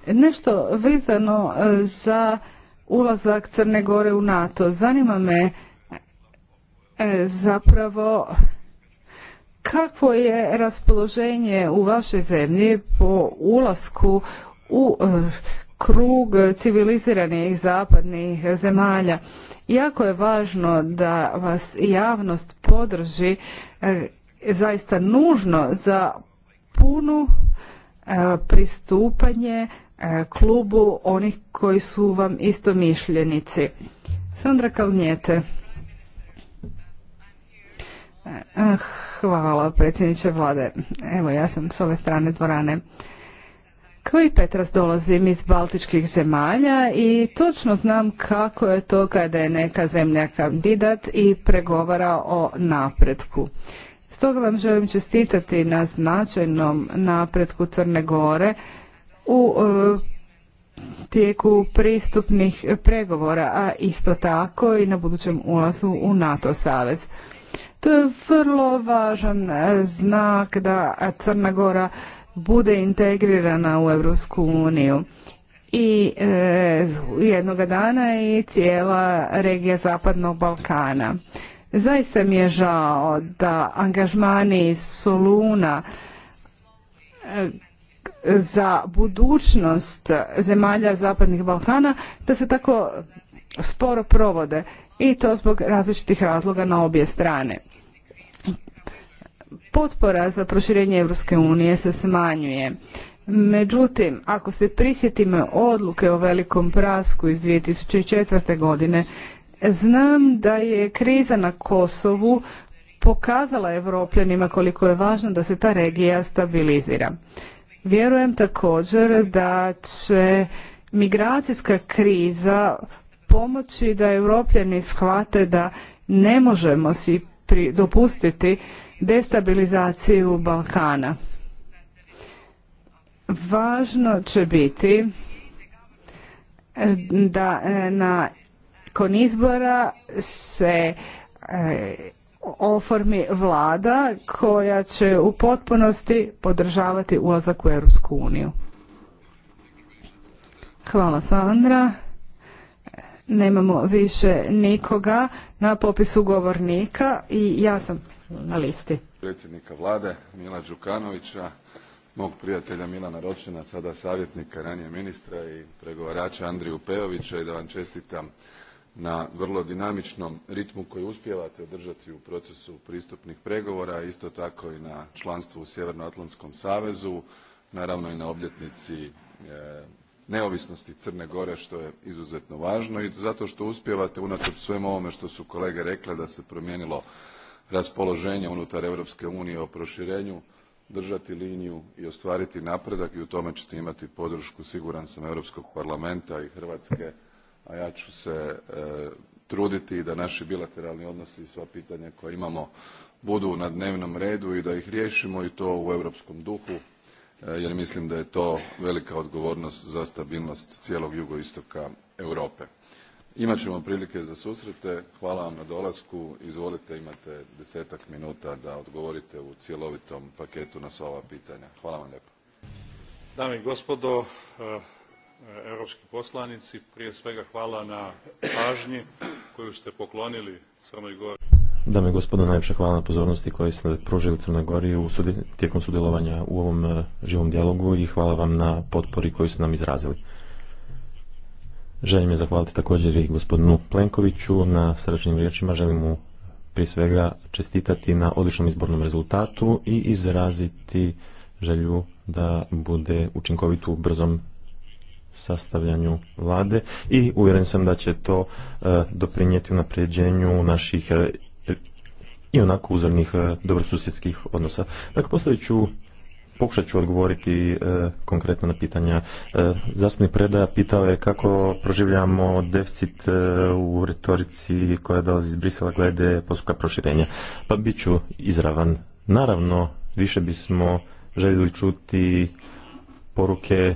Nešto vezano e, za ulazak Crne Gore u NATO. Zanima me e, zapravo kakvo je raspoloženje u vašoj zemlji po ulasku u e, krug civiliziranih zapadnih zemalja. Jako je važno da vas javnost podrži e, zaista nužno za punu e, pristupanje e, klubu onih koji su vam mišljenici. Sandra Kalnijete. Hvala predsjedniče vlade. Evo ja sam s ove strane dvorane. Kvi Petras dolazim iz baltičkih zemalja i točno znam kako je to kada je neka zemlja kandidat i pregovara o napretku. Stoga vam želim čestitati na značajnom napretku Crne Gore u e, tijeku pristupnih pregovora, a isto tako i na budućem ulazu u NATO savez. To je vrlo važan e, znak da Crna Gora bude integrirana u Europsku uniju i jednog jednoga dana i cijela regija Zapadnog Balkana. Zaista mi je žao da angažmani iz Soluna e, za budućnost zemalja Zapadnih Balkana da se tako sporo provode i to zbog različitih razloga na obje strane potpora za proširenje Europske unije se smanjuje. Međutim, ako se prisjetimo odluke o velikom prasku iz 2004. godine, znam da je kriza na Kosovu pokazala europljanima koliko je važno da se ta regija stabilizira. Vjerujem također da će migracijska kriza pomoći da europljani shvate da ne možemo si dopustiti destabilizaciju Balkana. Važno će biti eh, da eh, nakon izbora se eh, oformi vlada koja će u potpunosti podržavati ulazak u Europsku uniju. Hvala Sandra. Nemamo više nikoga na popisu govornika i ja sam na listi. Predsjednika vlade Mila Đukanovića, mog prijatelja Milana Ročina, sada savjetnika, ranije ministra i pregovarača Andriju Pejovića i da vam čestitam na vrlo dinamičnom ritmu koji uspijevate održati u procesu pristupnih pregovora, isto tako i na članstvu u Sjevernoatlantskom savezu, naravno i na obljetnici e, neovisnosti Crne Gore što je izuzetno važno i zato što uspijevate unatoč svemu ovome što su kolege rekle da se promijenilo raspoloženja unutar Europske unije o proširenju, držati liniju i ostvariti napredak i u tome ćete imati podršku, siguran sam, Europskog parlamenta i Hrvatske, a ja ću se e, truditi da naši bilateralni odnosi i sva pitanja koja imamo budu na dnevnom redu i da ih riješimo i to u europskom duhu, e, jer mislim da je to velika odgovornost za stabilnost cijelog jugoistoka Europe. Imat ćemo prilike za susrete. Hvala vam na dolasku. Izvolite, imate desetak minuta da odgovorite u cjelovitom paketu na sva ova pitanja. Hvala vam lijepo. Dame i gospodo, eh, europski poslanici, prije svega hvala na pažnji koju ste poklonili Crnoj Gori. Dame i gospodo, najviše hvala na pozornosti koje ste pružili Crnoj Gori u tijekom sudjelovanja u ovom eh, živom dijalogu i hvala vam na potpori koju ste nam izrazili. Želim je zahvaliti također i gospodinu Plenkoviću na srdačnim riječima. Želim mu prije svega čestitati na odličnom izbornom rezultatu i izraziti želju da bude učinkovit u brzom sastavljanju vlade i uvjeren sam da će to e, doprinijeti u napređenju naših e, i onako uzornih e, dobrosusjedskih odnosa. Dakle, postavit ću Pokušat ću odgovoriti e, konkretno na pitanja. E, zastupnik Preda pitao je kako proživljamo deficit e, u retorici koja dolazi iz Brisela glede postupka proširenja. Pa bit ću izravan. Naravno, više bismo željeli čuti poruke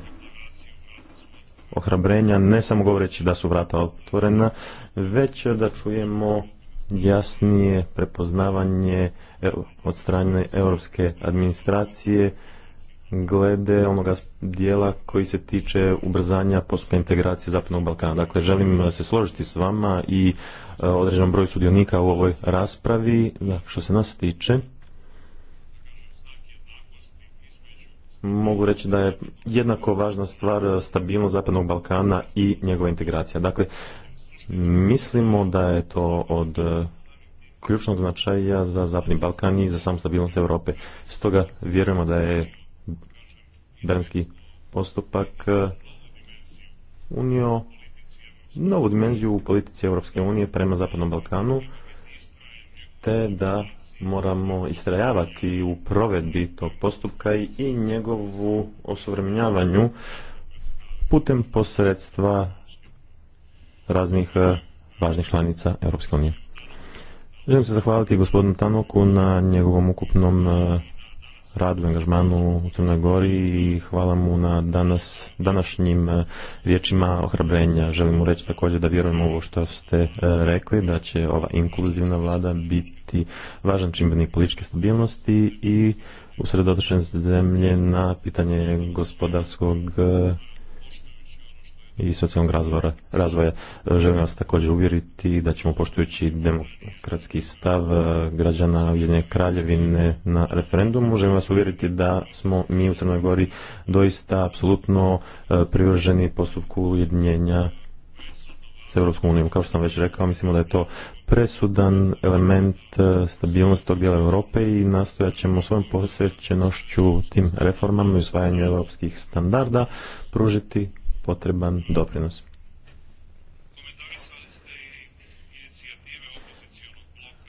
ohrabrenja, ne samo govoreći da su vrata otvorena, već da čujemo jasnije prepoznavanje e, od strane europske administracije glede onoga dijela koji se tiče ubrzanja postupka integracije Zapadnog Balkana. Dakle, želim se složiti s vama i e, određenom broju sudionika u ovoj raspravi. Što se nas tiče, mogu reći da je jednako važna stvar stabilnost Zapadnog Balkana i njegova integracija. Dakle, Mislimo da je to od e, ključnog značaja za Zapadni Balkan i za samu stabilnost Europe. Stoga vjerujemo da je beranski postupak e, unio novu dimenziju u politici Europske unije prema Zapadnom Balkanu, te da moramo istrajavati u provedbi tog postupka i njegovu osuvremenjavanju putem posredstva raznih eh, važnih članica Europske unije. Želim se zahvaliti gospodinu Tanoku na njegovom ukupnom eh, radu i angažmanu u Crnoj Gori i hvala mu na danas, današnjim eh, riječima ohrabrenja. Želim mu reći također da vjerujemo ovo što ste rekli, da će ova inkluzivna vlada biti važan čimbenik političke stabilnosti i usredotočen zemlje na pitanje gospodarskog i socijalnog razvoja. razvoja. Želim vas također uvjeriti da ćemo poštujući demokratski stav eh, građana Ujedinjene kraljevine na referendumu, želim vas uvjeriti da smo mi u Crnoj Gori doista apsolutno eh, privrženi postupku ujedinjenja s Europskom unijom. Kao što sam već rekao, mislimo da je to presudan element eh, stabilnosti tog dijela Europe i nastojat ćemo svojom posvećenošću tim reformama i usvajanju europskih standarda pružiti potreban doprinos.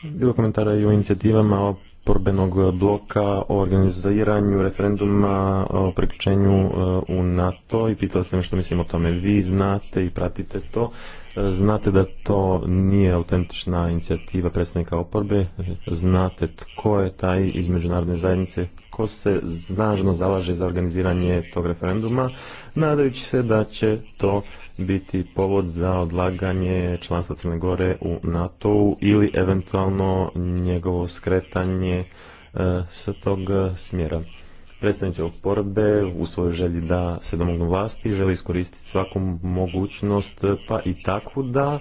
Bilo komentara i o inicijativama oporbenog bloka o organiziranju referenduma o priključenju e, u NATO i pitali ste što mislim o tome. Vi znate i pratite to. E, znate da to nije autentična inicijativa predstavnika oporbe. Znate tko je taj iz međunarodne zajednice ko se znažno zalaže za organiziranje tog referenduma nadajući se da će to biti povod za odlaganje članstva Crne Gore u NATO-u ili eventualno njegovo skretanje e, s tog e, smjera. Predstavnici oporbe u svojoj želji da se domognu vlasti želi iskoristiti svaku mogućnost pa i takvu da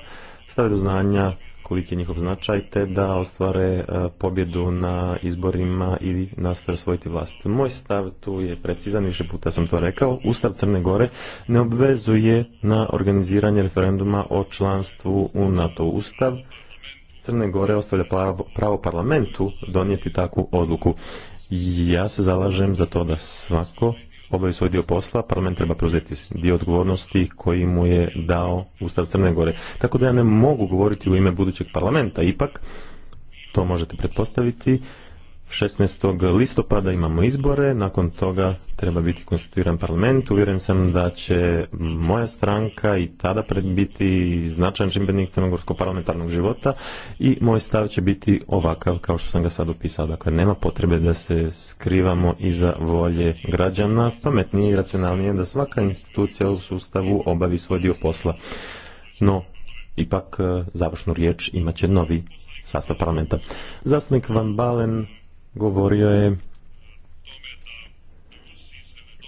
stave znanja koliki je njihov značaj, te da ostvare e, pobjedu na izborima i nastoje osvojiti vlast. Moj stav tu je precizan, više puta sam to rekao. Ustav Crne Gore ne obvezuje na organiziranje referenduma o članstvu u NATO. Ustav Crne Gore ostavlja pravo parlamentu donijeti takvu odluku. Ja se zalažem za to da svako obavi svoj dio posla, parlament treba preuzeti dio odgovornosti koji mu je dao Ustav Crne Gore. Tako da ja ne mogu govoriti u ime budućeg parlamenta, ipak to možete pretpostaviti 16. listopada imamo izbore, nakon toga treba biti konstituiran parlament. Uvjeren sam da će moja stranka i tada biti značajan čimbenik crnogorskog parlamentarnog života i moj stav će biti ovakav kao što sam ga sad opisao. Dakle, nema potrebe da se skrivamo iza volje građana, pametnije i racionalnije da svaka institucija u sustavu obavi svoj dio posla. No, ipak e, završnu riječ imat će novi sastav parlamenta. Zastupnik Van Balen govorio je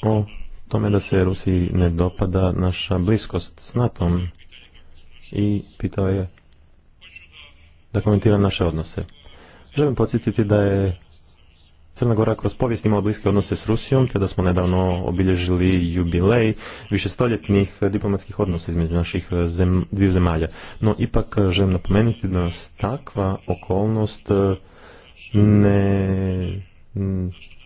o tome da se Rusiji ne dopada naša bliskost s NATO-om i pitao je da komentira naše odnose. Želim podsjetiti da je Crna Gora kroz povijest imala bliske odnose s Rusijom, te da smo nedavno obilježili jubilej višestoljetnih diplomatskih odnosa između naših zem, dviju zemalja. No, ipak želim napomenuti da nas takva okolnost ne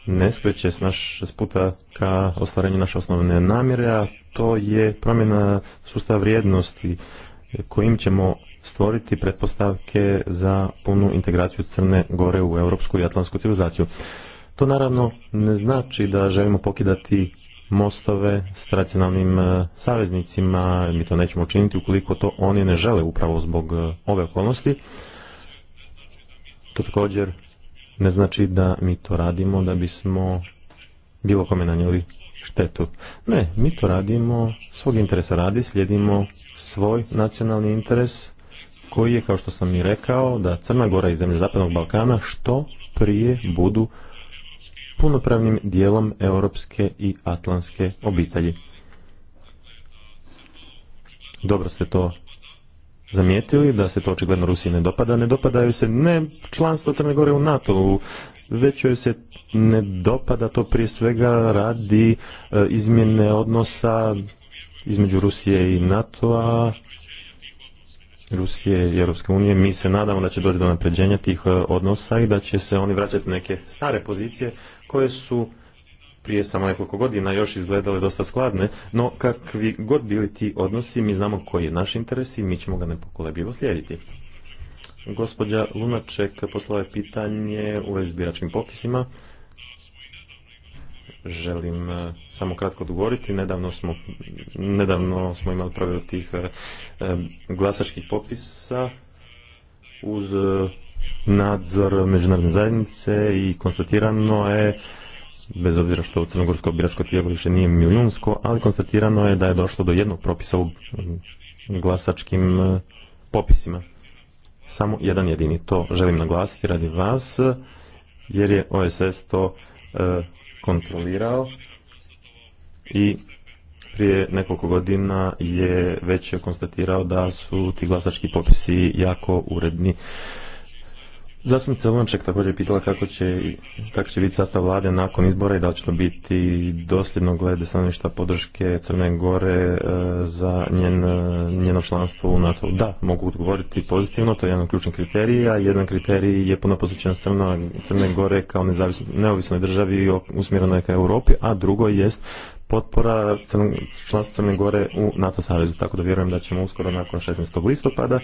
ne skreće s, naš, s puta ka ostvarenju naše osnovne namjere, a to je promjena sustava vrijednosti kojim ćemo stvoriti pretpostavke za punu integraciju Crne Gore u europsku i atlantsku civilizaciju. To naravno ne znači da želimo pokidati mostove s tradicionalnim e, saveznicima, mi to nećemo učiniti ukoliko to oni ne žele upravo zbog e, ove okolnosti. To također ne znači da mi to radimo da bismo bilo kome nanijeli štetu. Ne, mi to radimo, svog interesa radi, slijedimo svoj nacionalni interes koji je, kao što sam i rekao, da Crna Gora i zemlje Zapadnog Balkana što prije budu punopravnim dijelom europske i atlantske obitelji. Dobro ste to zamijetili da se to očigledno Rusiji ne dopada. Ne dopadaju se ne članstvo Crne Gore u NATO, već joj se ne dopada to prije svega radi e, izmjene odnosa između Rusije i NATO-a, Rusije i Europske unije. Mi se nadamo da će doći do napređenja tih e, odnosa i da će se oni vraćati neke stare pozicije koje su prije samo nekoliko godina još izgledale dosta skladne, no kakvi god bili ti odnosi, mi znamo koji je naš interes i mi ćemo ga nepokolebivo slijediti. Gospođa Lunaček poslala je pitanje u vezi s biračkim popisima. Želim eh, samo kratko odgovoriti. Nedavno smo, nedavno smo imali tih eh, eh, glasačkih popisa uz nadzor međunarodne zajednice i konstatirano je bez obzira što u crnogorsko biračko tijelo više nije milijunsko, ali konstatirano je da je došlo do jednog propisa u glasačkim e, popisima. Samo jedan jedini. To želim naglasiti radi vas, jer je OSS to e, kontrolirao i prije nekoliko godina je već konstatirao da su ti glasački popisi jako uredni. Zastupnica Lonček također je pitala kako će, kako će biti sastav vlade nakon izbora i da li će to biti dosljedno glede stanovišta podrške Crne Gore e, za njen, e, njeno članstvo u NATO. Da, mogu odgovoriti pozitivno, to je jedan od ključnih kriterija. Jedan kriterij je puno posvećen Crne Gore kao neovisnoj državi usmjerenoj ka Europi, a drugo jest potpora članstva Crne Gore u NATO savezu. Tako da vjerujem da ćemo uskoro nakon 16. listopada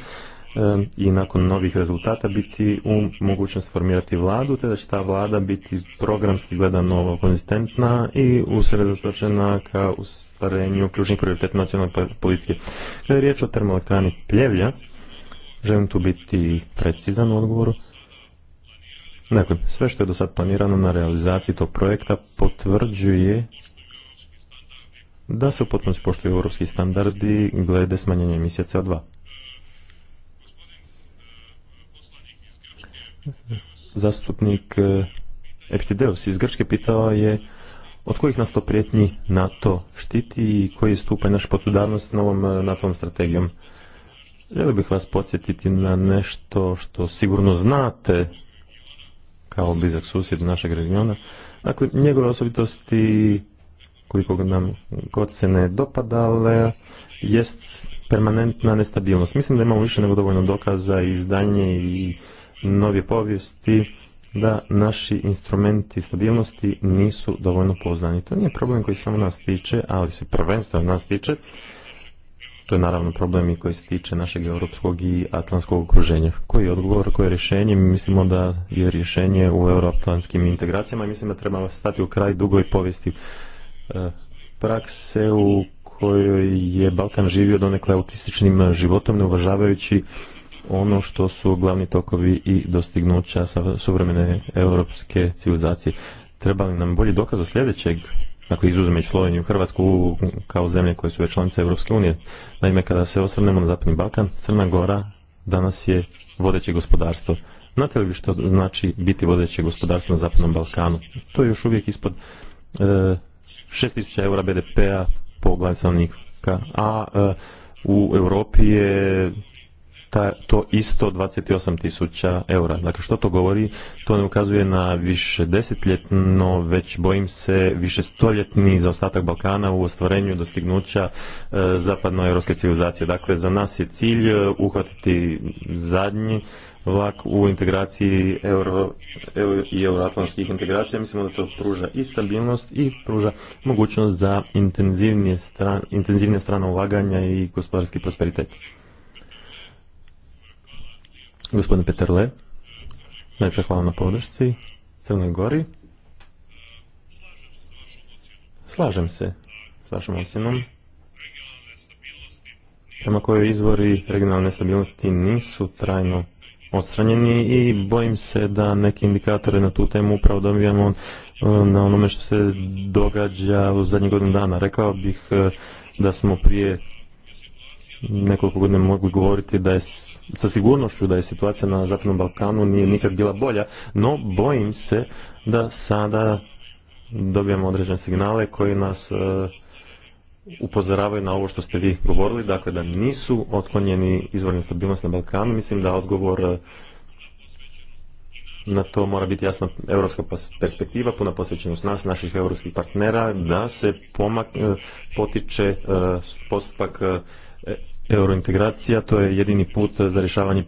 i nakon novih rezultata biti u mogućnost formirati vladu, te da će ta vlada biti programski gledano konzistentna i usredotočena ka ustvarenju ključnih prioriteta nacionalne politike. Kada je riječ o termoelektrani Pljevlja, želim tu biti precizan u odgovoru. Dakle, sve što je do sad planirano na realizaciji tog projekta potvrđuje da se u potpunosti poštuju europski standardi glede smanjenja emisija CO2. zastupnik e, Epitideus iz Grčke pitao je od kojih nas to prijetnji NATO štiti i koji je stupaj naš potudarnost s novom e, nato strategijom. Želio bih vas podsjetiti na nešto što sigurno znate kao blizak susjed našeg regiona. Dakle, njegove osobitosti koliko nam god se ne dopadale, jest permanentna nestabilnost. Mislim da imamo više nego dovoljno dokaza i izdanje i novije povijesti da naši instrumenti stabilnosti nisu dovoljno poznani. To nije problem koji samo nas tiče, ali se prvenstveno nas tiče. To je naravno problem i koji se tiče našeg europskog i atlantskog okruženja. Koji je odgovor, koje je rješenje? Mi mislimo da je rješenje u euroatlantskim integracijama i mislim da treba stati u kraj dugoj povijesti e, prakse u kojoj je Balkan živio donekle autističnim životom, ne uvažavajući ono što su glavni tokovi i dostignuća suvremene europske civilizacije. Treba li nam bolji dokaz od sljedećeg, dakle izuzmeći Sloveniju Hrvatsku kao zemlje koje su već članice Europske unije. Naime, kada se osvrnemo na Zapadni Balkan, Crna Gora danas je vodeće gospodarstvo. Znate li što znači biti vodeće gospodarstvo na Zapadnom Balkanu? To je još uvijek ispod 6000 e, eura BDP-a po glavi stanovnika, a e, u Europi je ta, to isto 28 tisuća eura. Dakle, što to govori? To ne ukazuje na više desetljetno, već bojim se više stoljetni zaostatak Balkana u ostvarenju dostignuća e, zapadno europske civilizacije. Dakle, za nas je cilj e, uhvatiti zadnji vlak u integraciji euro, euro i euroatlantskih integracija. Mislimo da to pruža i stabilnost i pruža mogućnost za intenzivnije, stran, strana ulaganja i gospodarski prosperitet. Gospodin Peterle, najprej hvala na podršci Crnoj Gori. Slažem se s vašom ocjenom prema kojoj izvori regionalne stabilnosti nisu trajno odstranjeni i bojim se da neke indikatore na tu temu upravo dobijamo e, na onome što se događa u zadnjih godinu dana. Rekao bih e, da smo prije nekoliko godina mogli govoriti da je sa sigurnošću da je situacija na Zapadnom Balkanu nije nikad bila bolja, no bojim se da sada dobijamo određene signale koji nas e, upozoravaju na ovo što ste vi govorili, dakle da nisu otklonjeni izvorni stabilnosti na Balkanu. Mislim da odgovor e, na to mora biti jasna europska perspektiva, puna posvećenost nas, naših europskih partnera, da se pomak, e, potiče postupak eurointegracija, to je jedini put za rješavanje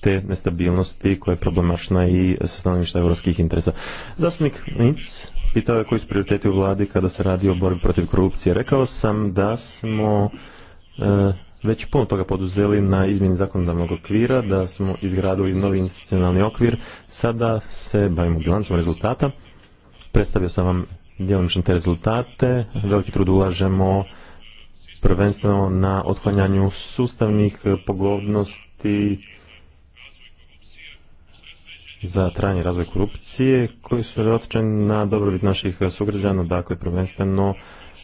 te nestabilnosti koja je problematična i sa stanovišta europskih interesa. Zastupnik Nic pitao je koji su prioriteti u vladi kada se radi o borbi protiv korupcije. Rekao sam da smo e, već puno toga poduzeli na izmjeni zakonodavnog okvira, da smo izgradili novi institucionalni okvir. Sada se bavimo bilancom rezultata. Predstavio sam vam djelomično te rezultate. Veliki trud ulažemo prvenstveno na otklanjanju sustavnih pogodnosti za trajanje razvoj korupcije koji su na dobrobit naših sugrađana, dakle prvenstveno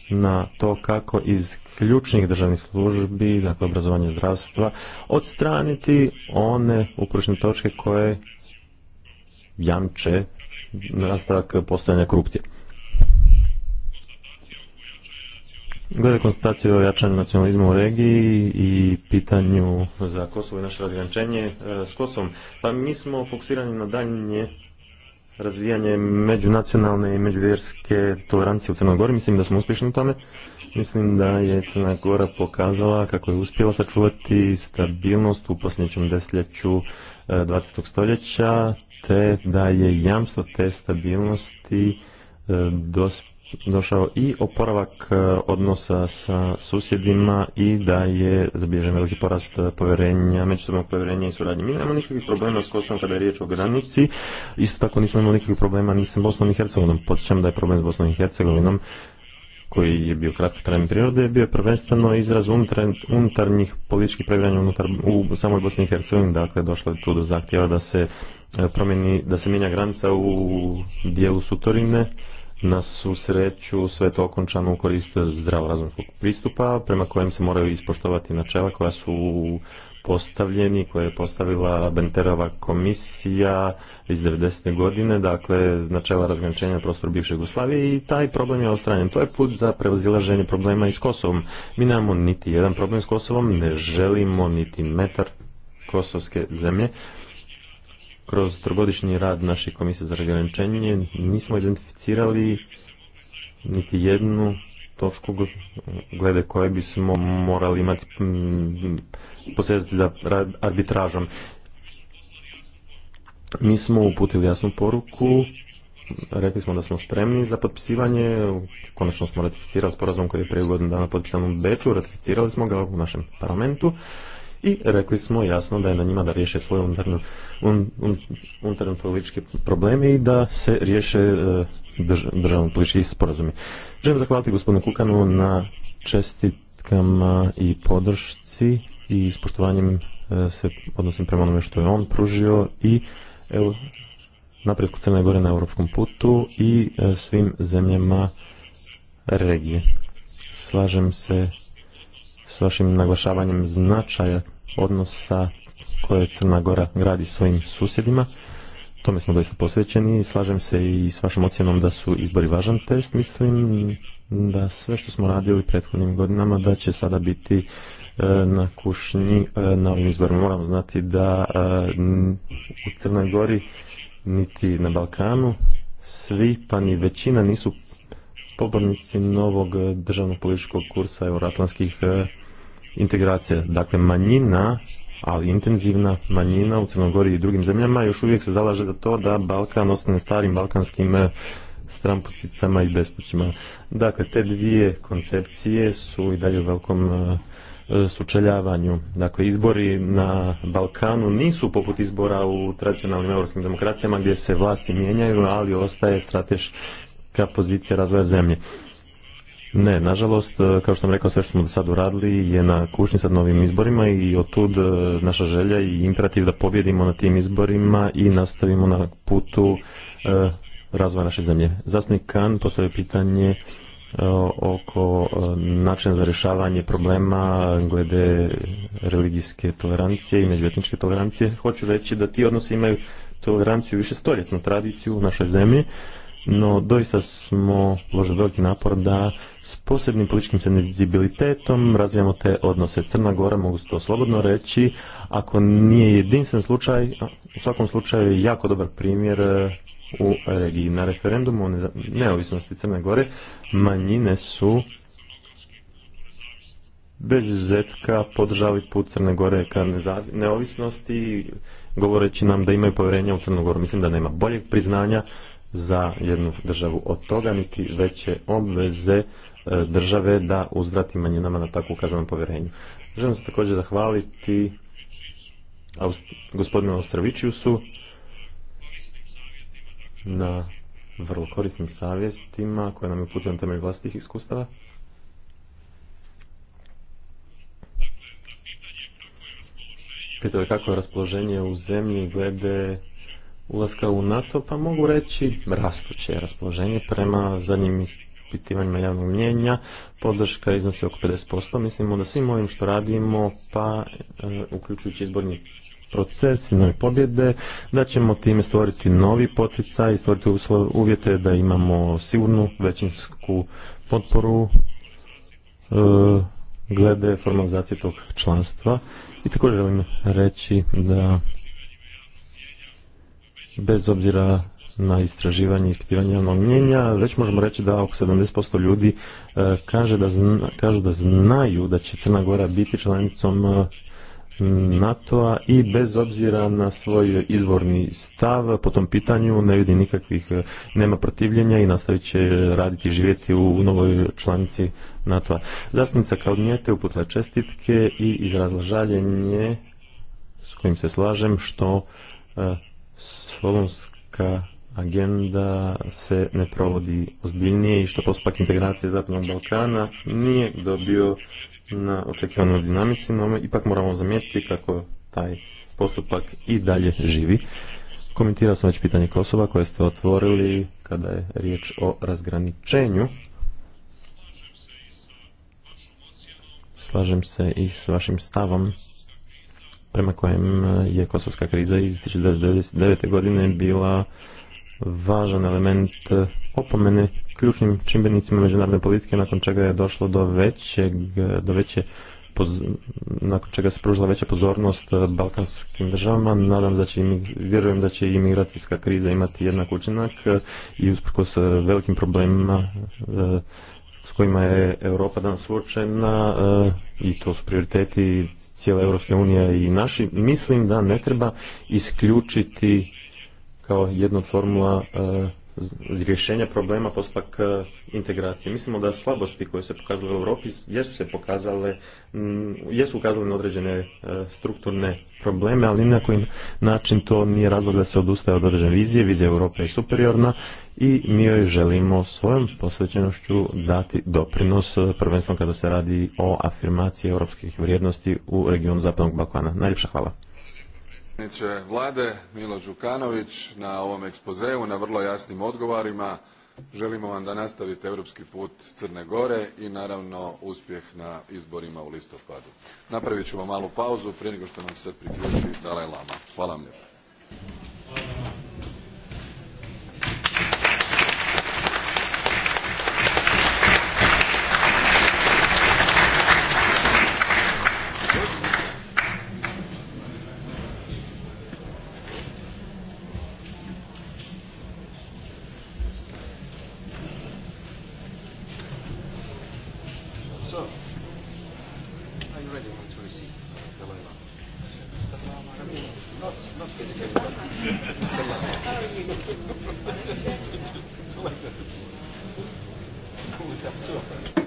na to kako iz ključnih državnih službi, dakle obrazovanje zdravstva, odstraniti one uporučne točke koje jamče nastavak postojanja korupcije. Glede konstataciju o jačanju nacionalizma u regiji i pitanju za Kosovo i naše razgrančenje e, s Kosovom, pa mi smo fokusirani na daljnje razvijanje međunacionalne i međuvjerske tolerancije u Crnoj Gori. Mislim da smo uspješni u tome. Mislim da je Crna Gora pokazala kako je uspjela sačuvati stabilnost u posljednjem desetljeću 20. E, stoljeća, te da je jamstvo te stabilnosti e, do došao i oporavak e, odnosa sa susjedima i da je zabilježen veliki porast e, povjerenja, međusobnog povjerenja i suradnje. Mi nemamo nikakvih problema s Kosovom kada je riječ o granici, isto tako nismo imali nikakvih problema ni sa Bosnom i Hercegovinom. Podsjećam da je problem s Bosnom i Hercegovinom koji je bio kratkotrajne prirode, je bio prvenstveno izraz unutarnjih političkih previranja u samoj Bosni i Hercegovini, dakle došlo je tu do zahtjeva da se e, promjeni, da se mijenja granica u dijelu Sutorine, na susreću sreću sve to okončano u korist zdravorazumskog pristupa prema kojem se moraju ispoštovati načela koja su postavljeni, koje je postavila Benterova komisija iz 90. godine, dakle načela razgraničenja prostora bivše Jugoslavije i taj problem je ostranjen. To je put za prevazilaženje problema i s Kosovom. Mi nemamo niti jedan problem s Kosovom, ne želimo niti metar kosovske zemlje kroz trogodišnji rad naše komisije za ograničenje nismo identificirali niti jednu točku glede koje bismo morali imati mm, posezati za arbitražom. Mi smo uputili jasnu poruku, rekli smo da smo spremni za potpisivanje, konačno smo ratificirali sporazum koji je prije godinu dana potpisan u Beču, ratificirali smo ga u našem parlamentu, i rekli smo jasno da je na njima da riješe svoje unutarnje un, političke probleme i da se riješe e, državnom državno politički sporazumi. Želim zahvaliti gospodinu Kukanu na čestitkama i podršci i s poštovanjem e, se odnosim prema onome što je on pružio i evo, napretku Crne Gore na europskom putu i e, svim zemljama regije. Slažem se s vašim naglašavanjem značaja odnosa koje Crna Gora gradi svojim susjedima. Tome smo doista posvećeni i slažem se i s vašom ocjenom da su izbori važan test. Mislim da sve što smo radili prethodnim godinama da će sada biti e, na kušnji e, na ovim izborima. Moram znati da e, u Crnoj Gori niti na Balkanu svi pa ni većina nisu pobornici novog državnog političkog kursa euroatlantskih integracija. Dakle, manjina, ali intenzivna manjina u gori i drugim zemljama još uvijek se zalaže za to da Balkan ostane starim balkanskim eh, strampucicama i bespućima. Dakle, te dvije koncepcije su i dalje u velikom eh, sučeljavanju. Dakle, izbori na Balkanu nisu poput izbora u tradicionalnim europskim demokracijama gdje se vlasti mijenjaju, ali ostaje strateška pozicija razvoja zemlje. Ne, nažalost, e, kao što sam rekao, sve što smo do sad uradili je na kušnji sad novim izborima i od tud e, naša želja i imperativ da pobjedimo na tim izborima i nastavimo na putu e, razvoja naše zemlje. Zastupnik Kan postavio pitanje oko načina za rješavanje problema glede religijske tolerancije i međuetničke tolerancije. Hoću reći da ti odnosi imaju toleranciju više stoljetnu tradiciju u našoj zemlji, no doista smo uložili veliki napor da s posebnim političkim senzibilitetom razvijamo te odnose. Crna Gora, mogu to slobodno reći, ako nije jedinstven slučaj, u svakom slučaju je jako dobar primjer e, u regiji. Na referendumu o neovisnosti Crne Gore manjine su bez izuzetka podržali put Crne Gore ka neovisnosti govoreći nam da imaju povjerenja u Crnu Goru. Mislim da nema boljeg priznanja za jednu državu od toga, niti veće obveze E, države da uzvrati manjinama na takvu ukazanom povjerenju. Želim se također zahvaliti gospodinu Ostravičiusu na vrlo korisnim savjetima koje nam je uputio na temelju vlastitih iskustava. Pitali kako je raspoloženje u zemlji glede ulaska u NATO, pa mogu reći rastuće raspoloženje prema zadnjim ispitivanjima javnog mnjenja, podrška iznosi oko 50%. Mislimo da svim ovim što radimo, pa e, uključujući izborni proces i nove pobjede, da ćemo time stvoriti novi poticaj i stvoriti uvjete da imamo sigurnu većinsku potporu e, glede formalizacije tog članstva. I također želim reći da bez obzira na istraživanje i ispitivanje javnog mnjenja, već možemo reći da oko 70% ljudi e, kaže da zna, kažu da znaju da će Crna Gora biti članicom e, NATO-a i bez obzira na svoj izvorni stav po tom pitanju ne vidi nikakvih, e, nema protivljenja i nastavit će raditi i živjeti u novoj članici NATO-a. Zastupnica kao njete uputila čestitke i izrazla žaljenje s kojim se slažem što Solonska agenda se ne provodi ozbiljnije i što postupak integracije Zapadnog Balkana nije dobio na očekivanoj dinamici, no ipak moramo zamijetiti kako taj postupak i dalje živi. Komentirao sam već pitanje Kosova koje ste otvorili kada je riječ o razgraničenju. Slažem se i s vašim stavom prema kojem je kosovska kriza iz 1999. godine bila važan element opomene ključnim čimbenicima međunarodne politike nakon čega je došlo do većeg, do veće nakon čega se pružila veća pozornost balkanskim državama. Nadam da će vjerujem da će imigracijska kriza imati jednak učinak i usprkos velikim problemima eh, s kojima je Europa danas suočena eh, i to su prioriteti cijela Europske unije i naši, mislim da ne treba isključiti kao jedna od formula eh, rješenja problema postupak eh, integracije. Mislimo da slabosti koje se pokazale u Europi jesu se pokazale, mm, jesu ukazale na određene eh, strukturne probleme, ali na koji način to nije razlog da se odustaje od određene vizije. Vizija Europe je superiorna i mi joj želimo svojom posvećenošću dati doprinos, prvenstveno kada se radi o afirmaciji europskih vrijednosti u regionu Zapadnog Balkana. Najljepša hvala predsjedniče vlade milo đukanović na ovom ekspozeu na vrlo jasnim odgovorima želimo vam da nastavite europski put crne gore i naravno uspjeh na izborima u listopadu. napravit ćemo malu pauzu prije nego što nam se priključi dalaj lama. hvala vam It's like that it's cool with have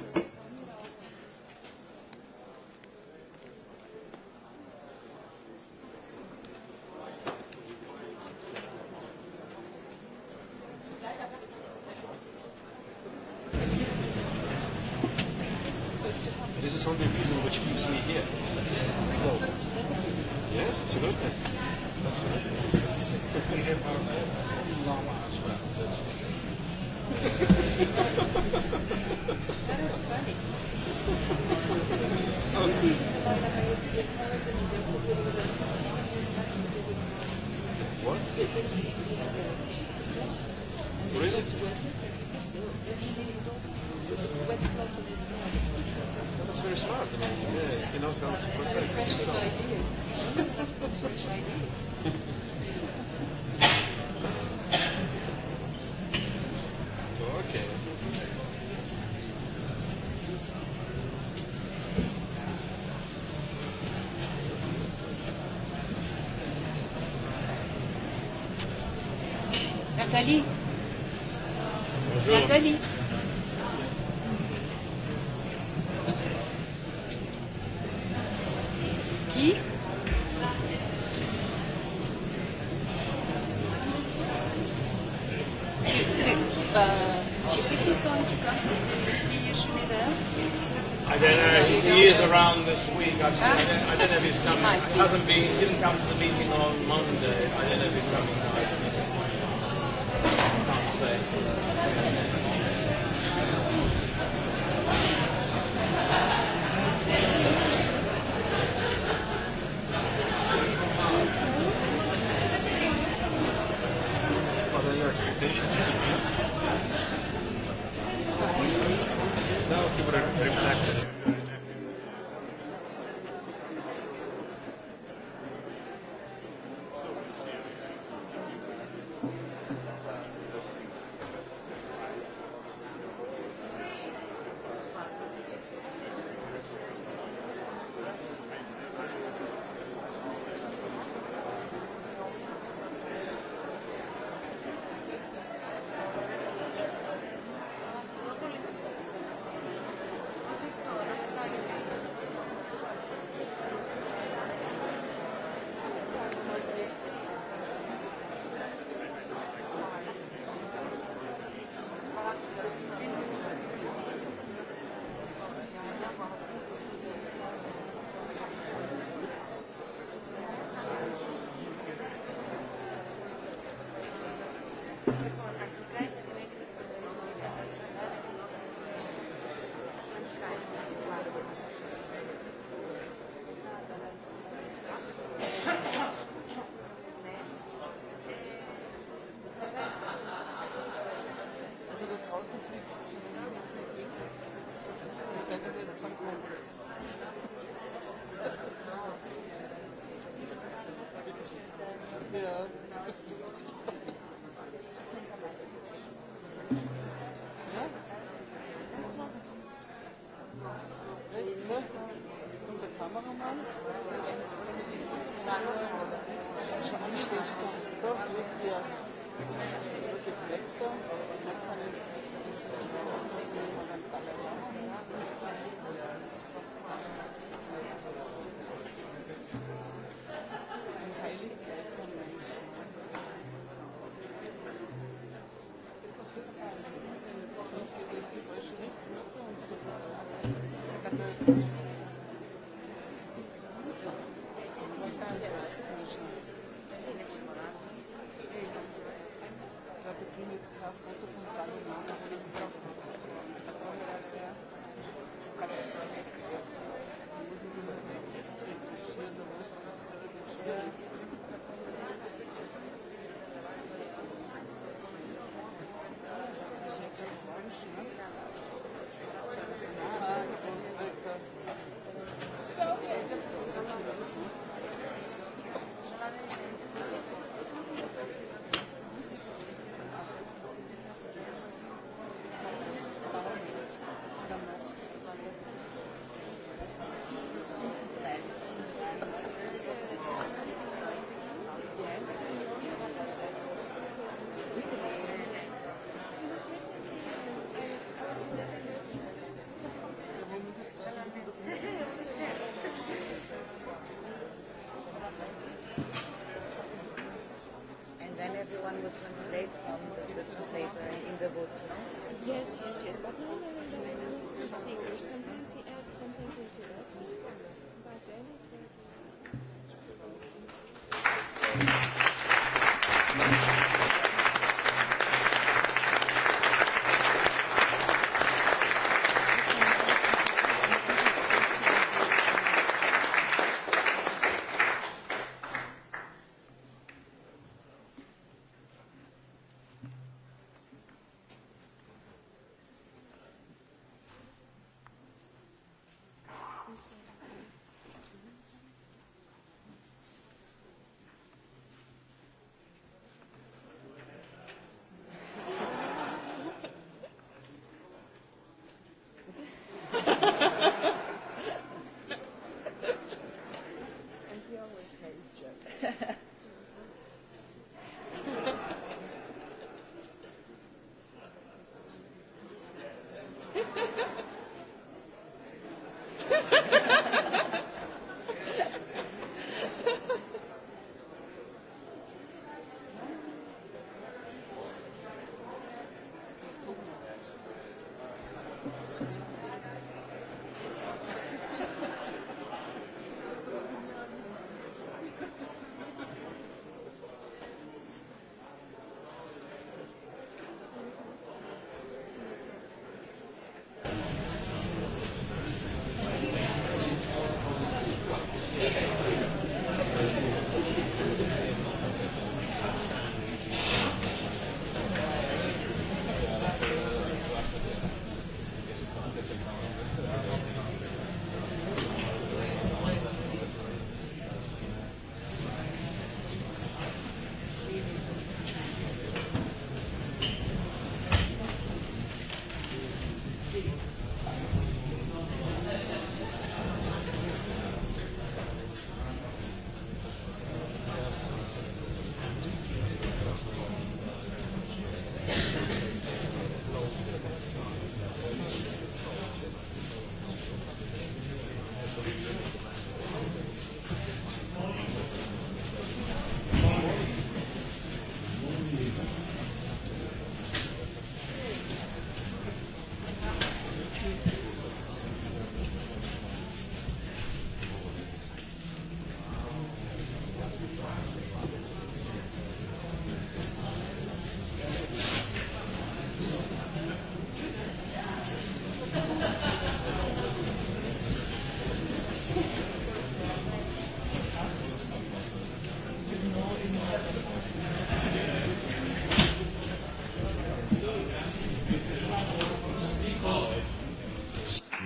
ali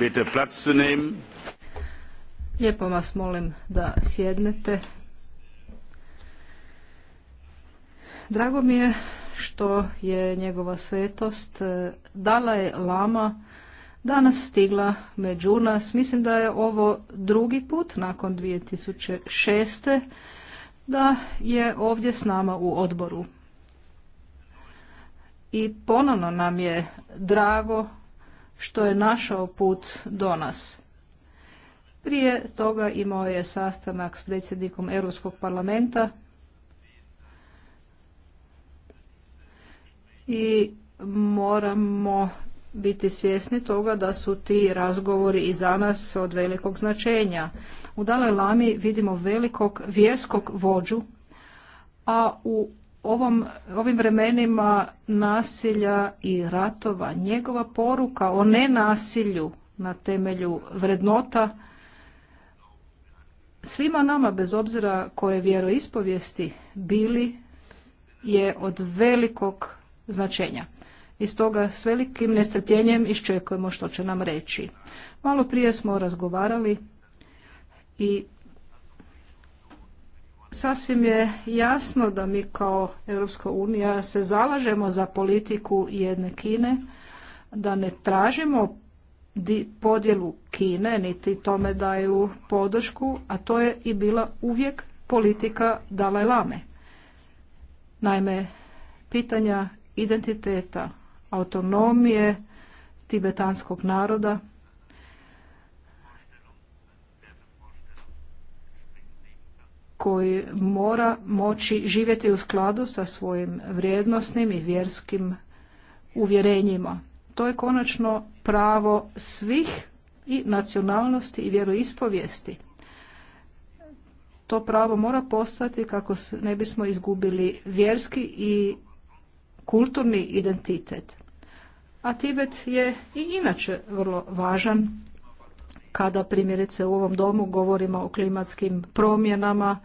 bitte Lijepo vas molim da sjednete. Drago mi je što je njegova svetost je Lama danas stigla među nas. Mislim da je ovo drugi put nakon 2006. da je ovdje s nama u odboru. I ponovno nam je drago što je našao put do nas. Prije toga imao je sastanak s predsjednikom Europskog parlamenta i moramo biti svjesni toga da su ti razgovori i za nas od velikog značenja. U Dalaj Lami vidimo velikog vjerskog vođu, a u ovom, ovim vremenima nasilja i ratova, njegova poruka o nenasilju na temelju vrednota svima nama, bez obzira koje vjeroispovijesti bili, je od velikog značenja. I stoga s velikim nestrpljenjem iščekujemo što će nam reći. Malo prije smo razgovarali i Sasvim je jasno da mi kao Europska unija se zalažemo za politiku jedne Kine, da ne tražimo podjelu Kine, niti tome daju podršku, a to je i bila uvijek politika Dalaj Lame. Naime, pitanja identiteta, autonomije tibetanskog naroda koji mora moći živjeti u skladu sa svojim vrijednosnim i vjerskim uvjerenjima. To je konačno pravo svih i nacionalnosti i vjeroispovijesti. To pravo mora postati kako ne bismo izgubili vjerski i kulturni identitet. A Tibet je i inače vrlo važan kada primjerice u ovom domu govorimo o klimatskim promjenama.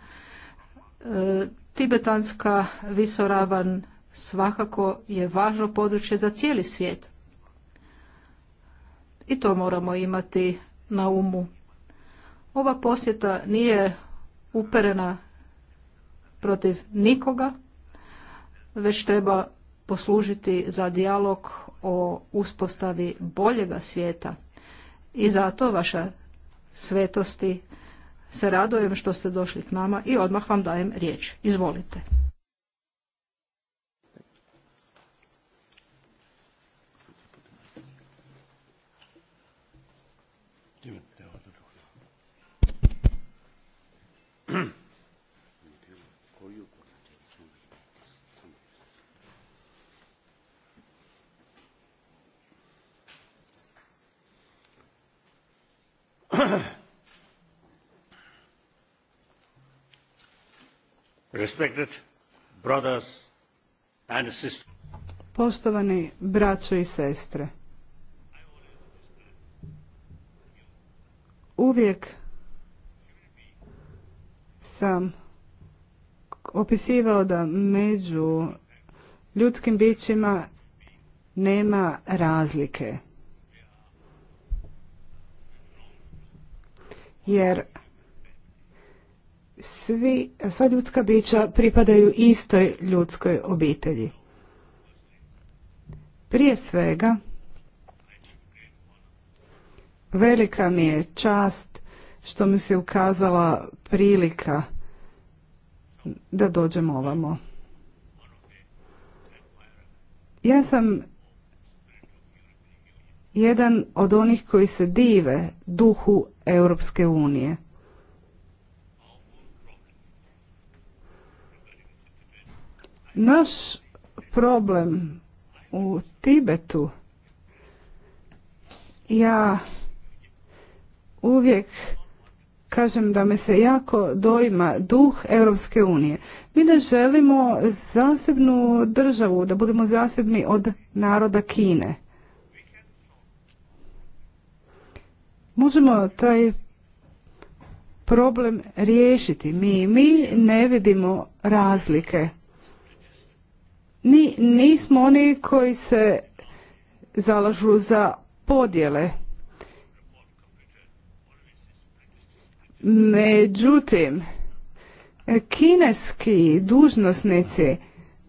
E, tibetanska visoravan svakako je važno područje za cijeli svijet. I to moramo imati na umu. Ova posjeta nije uperena protiv nikoga, već treba poslužiti za dijalog o uspostavi boljega svijeta. I zato vaša svetosti se radujem što ste došli k nama i odmah vam dajem riječ. Izvolite. Respected Poštovani braćo i sestre. Uvijek sam opisivao da među ljudskim bićima nema razlike. jer svi, sva ljudska bića pripadaju istoj ljudskoj obitelji. Prije svega, velika mi je čast što mi se ukazala prilika da dođem ovamo. Ja sam jedan od onih koji se dive duhu Europske unije. Naš problem u Tibetu ja uvijek kažem da me se jako dojma duh Europske unije. Mi ne želimo zasebnu državu, da budemo zasebni od naroda Kine. možemo taj problem riješiti. Mi, mi ne vidimo razlike. Ni, nismo oni koji se zalažu za podjele. Međutim, kineski dužnosnici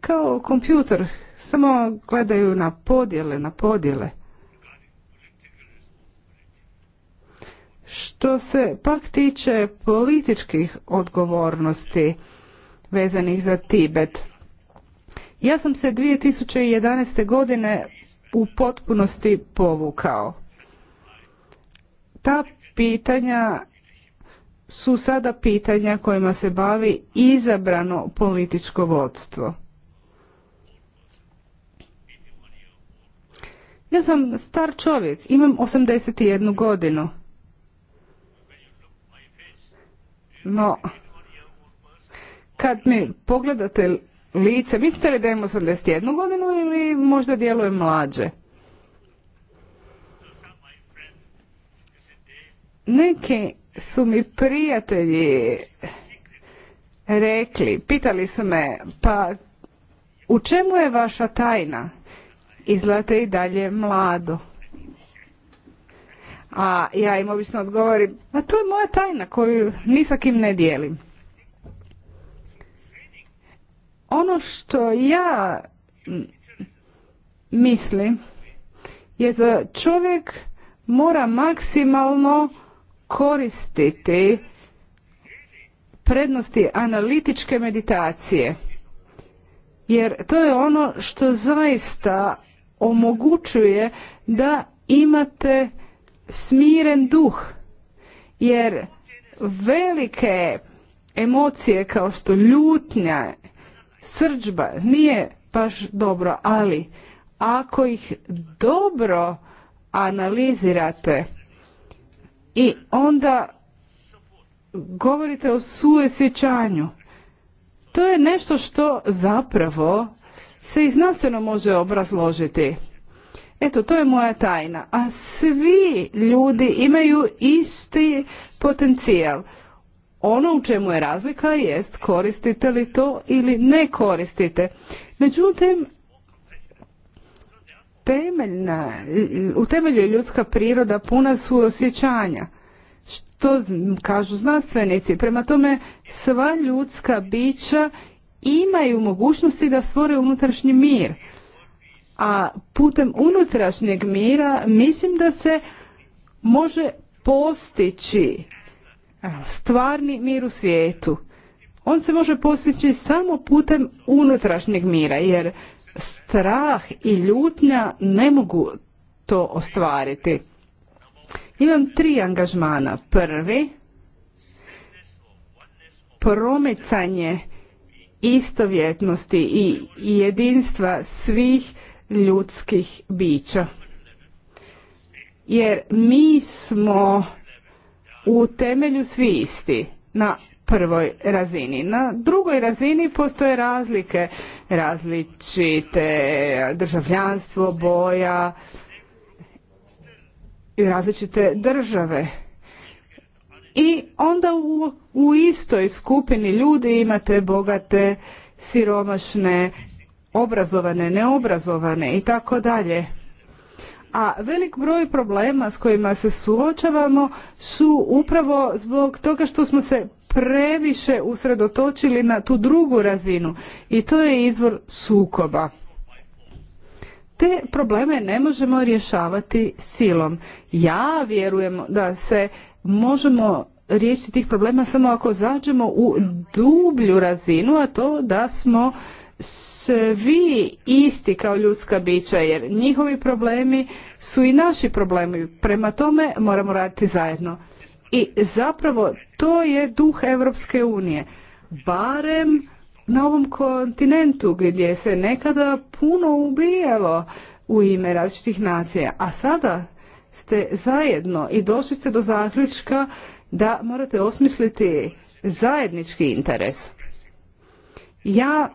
kao kompjuter samo gledaju na podjele, na podjele. Što se pak tiče političkih odgovornosti vezanih za Tibet, ja sam se 2011. godine u potpunosti povukao. Ta pitanja su sada pitanja kojima se bavi izabrano političko vodstvo. Ja sam star čovjek, imam 81 godinu. No, kad mi pogledate lice, mislite li da imam 81 godinu ili možda djeluje mlađe? Neki su mi prijatelji rekli, pitali su me, pa u čemu je vaša tajna? Izgledate i dalje mlado. A ja im obično odgovorim, a to je moja tajna koju ni sa kim ne dijelim. Ono što ja mislim je da čovjek mora maksimalno koristiti prednosti analitičke meditacije. Jer to je ono što zaista omogućuje da imate smiren duh jer velike emocije kao što ljutnja, srđba nije baš dobro, ali ako ih dobro analizirate i onda govorite o suosjećanju, to je nešto što zapravo se i znanstveno može obrazložiti. Eto, to je moja tajna. A svi ljudi imaju isti potencijal. Ono u čemu je razlika jest koristite li to ili ne koristite. Međutim, temeljna, u temelju je ljudska priroda puna su osjećanja. Što kažu znanstvenici? Prema tome, sva ljudska bića imaju mogućnosti da stvore unutrašnji mir a putem unutrašnjeg mira mislim da se može postići stvarni mir u svijetu. On se može postići samo putem unutrašnjeg mira, jer strah i ljutnja ne mogu to ostvariti. Imam tri angažmana. Prvi, promicanje istovjetnosti i jedinstva svih ljudskih bića. Jer mi smo u temelju svi isti na prvoj razini. Na drugoj razini postoje razlike, različite državljanstvo, boja, i različite države. I onda u, u istoj skupini ljudi imate bogate, siromašne, obrazovane, neobrazovane i tako dalje. A velik broj problema s kojima se suočavamo su upravo zbog toga što smo se previše usredotočili na tu drugu razinu i to je izvor sukoba. Te probleme ne možemo rješavati silom. Ja vjerujem da se možemo riješiti tih problema samo ako zađemo u dublju razinu, a to da smo svi isti kao ljudska bića jer njihovi problemi su i naši problemi. Prema tome moramo raditi zajedno. I zapravo to je duh Europske unije. Barem na ovom kontinentu gdje se nekada puno ubijalo u ime različitih nacija. A sada ste zajedno i došli ste do zaključka da morate osmisliti zajednički interes. Ja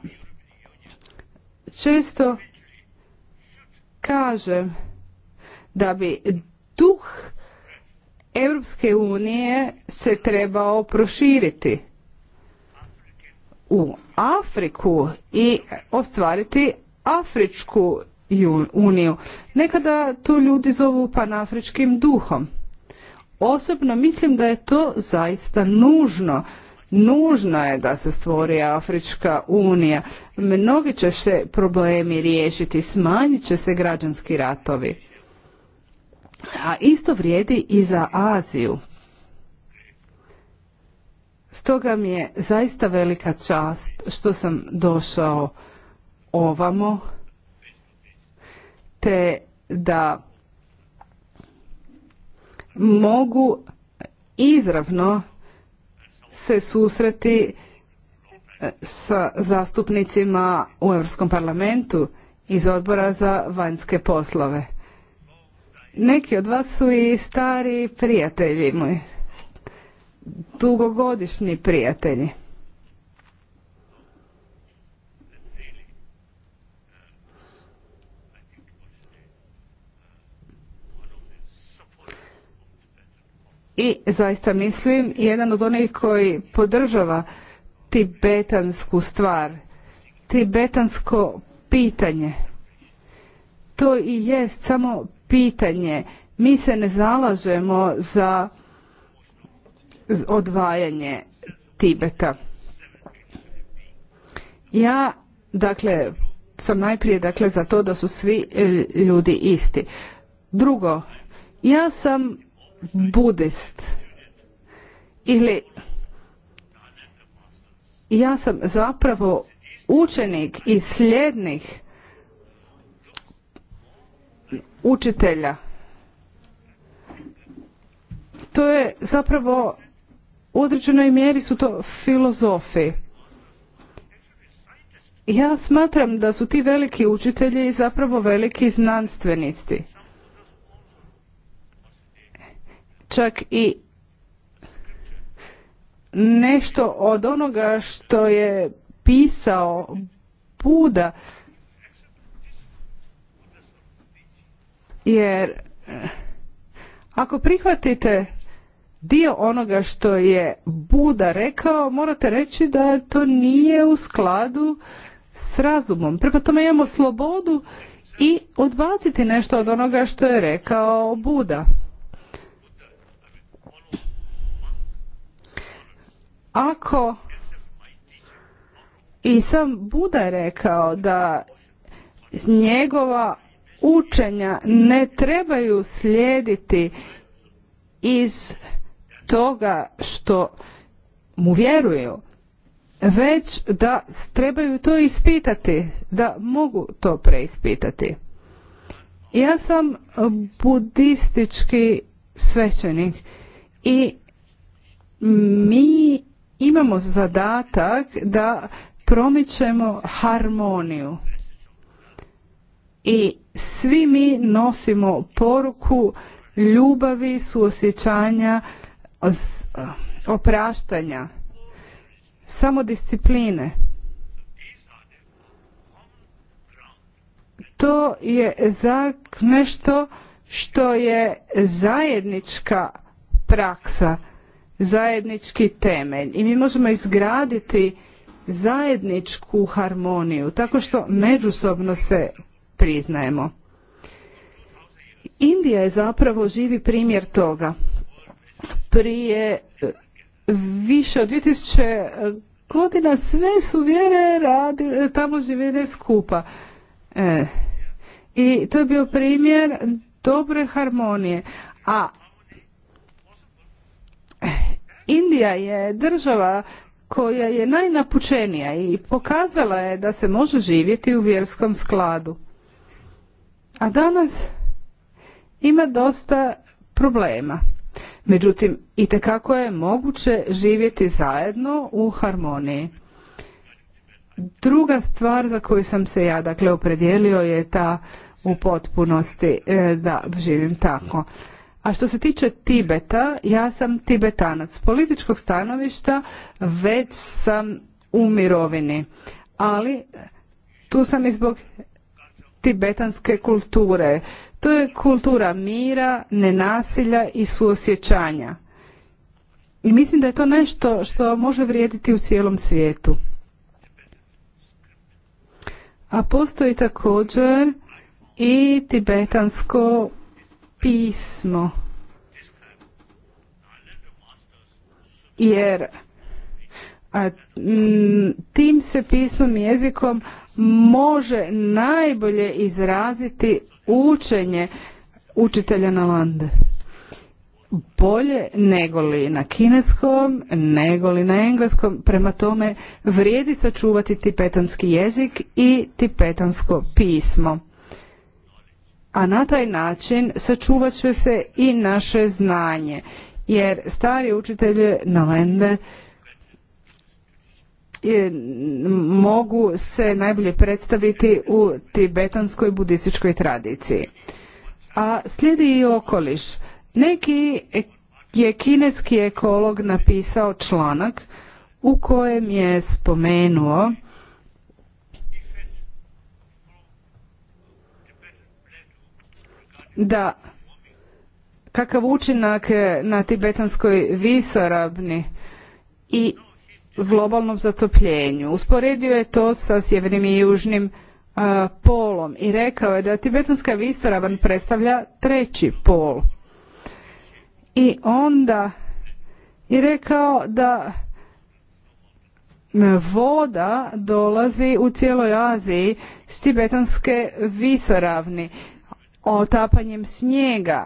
često kažem da bi duh Europske unije se trebao proširiti u Afriku i ostvariti Afričku uniju. Nekada to ljudi zovu panafričkim duhom. Osobno mislim da je to zaista nužno Nužno je da se stvori Afrička unija. Mnogi će se problemi riješiti, smanjit će se građanski ratovi. A isto vrijedi i za Aziju. Stoga mi je zaista velika čast što sam došao ovamo te da mogu izravno se susreti e, sa zastupnicima u Europskom parlamentu iz odbora za vanjske poslove. Neki od vas su i stari prijatelji moji, dugogodišnji prijatelji. i zaista mislim jedan od onih koji podržava tibetansku stvar, tibetansko pitanje. To i jest samo pitanje. Mi se ne zalažemo za odvajanje Tibeta. Ja, dakle, sam najprije dakle za to da su svi e, ljudi isti. Drugo, ja sam budist ili ja sam zapravo učenik i slijednih učitelja. To je zapravo u određenoj mjeri su to filozofi. Ja smatram da su ti veliki učitelji zapravo veliki znanstvenici. čak i nešto od onoga što je pisao Buda jer eh, ako prihvatite dio onoga što je Buda rekao, morate reći da to nije u skladu s razumom. Prema tome imamo slobodu i odbaciti nešto od onoga što je rekao Buda. Ako i sam Buda rekao da njegova učenja ne trebaju slijediti iz toga što mu vjeruju, već da trebaju to ispitati, da mogu to preispitati. Ja sam budistički svećenik i mi imamo zadatak da promičemo harmoniju. I svi mi nosimo poruku ljubavi, suosjećanja, eh, opraštanja, samodiscipline. To je za nešto što je zajednička praksa zajednički temelj i mi možemo izgraditi zajedničku harmoniju tako što međusobno se priznajemo. Indija je zapravo živi primjer toga. Prije e, više od 2000 godina sve su vjere radile, tamo živjele skupa. E, I to je bio primjer dobre harmonije. A Indija je država koja je najnapučenija i pokazala je da se može živjeti u vjerskom skladu. A danas ima dosta problema. Međutim, i kako je moguće živjeti zajedno u harmoniji. Druga stvar za koju sam se ja dakle opredijelio je ta u potpunosti e, da živim tako. A što se tiče Tibeta, ja sam tibetanac. političkog stanovišta već sam u mirovini, ali tu sam i zbog tibetanske kulture. To je kultura mira, nenasilja i suosjećanja. I mislim da je to nešto što može vrijediti u cijelom svijetu. A postoji također i tibetansko pismo. Jer a, tim se pismom jezikom može najbolje izraziti učenje učitelja na lande. Bolje nego li na kineskom, nego li na engleskom. Prema tome vrijedi sačuvati tipetanski jezik i tipetansko pismo a na taj način sačuvat će se i naše znanje jer stari učitelje novende e, mogu se najbolje predstaviti u tibetanskoj budističkoj tradiciji. A slijedi i okoliš. Neki je kineski ekolog napisao članak u kojem je spomenuo da kakav učinak na tibetanskoj visorabni i globalnom zatopljenju. Usporedio je to sa sjevernim i južnim polom i rekao je da tibetanska visoravan predstavlja treći pol. I onda je rekao da voda dolazi u cijeloj Aziji s tibetanske visoravni otapanjem snijega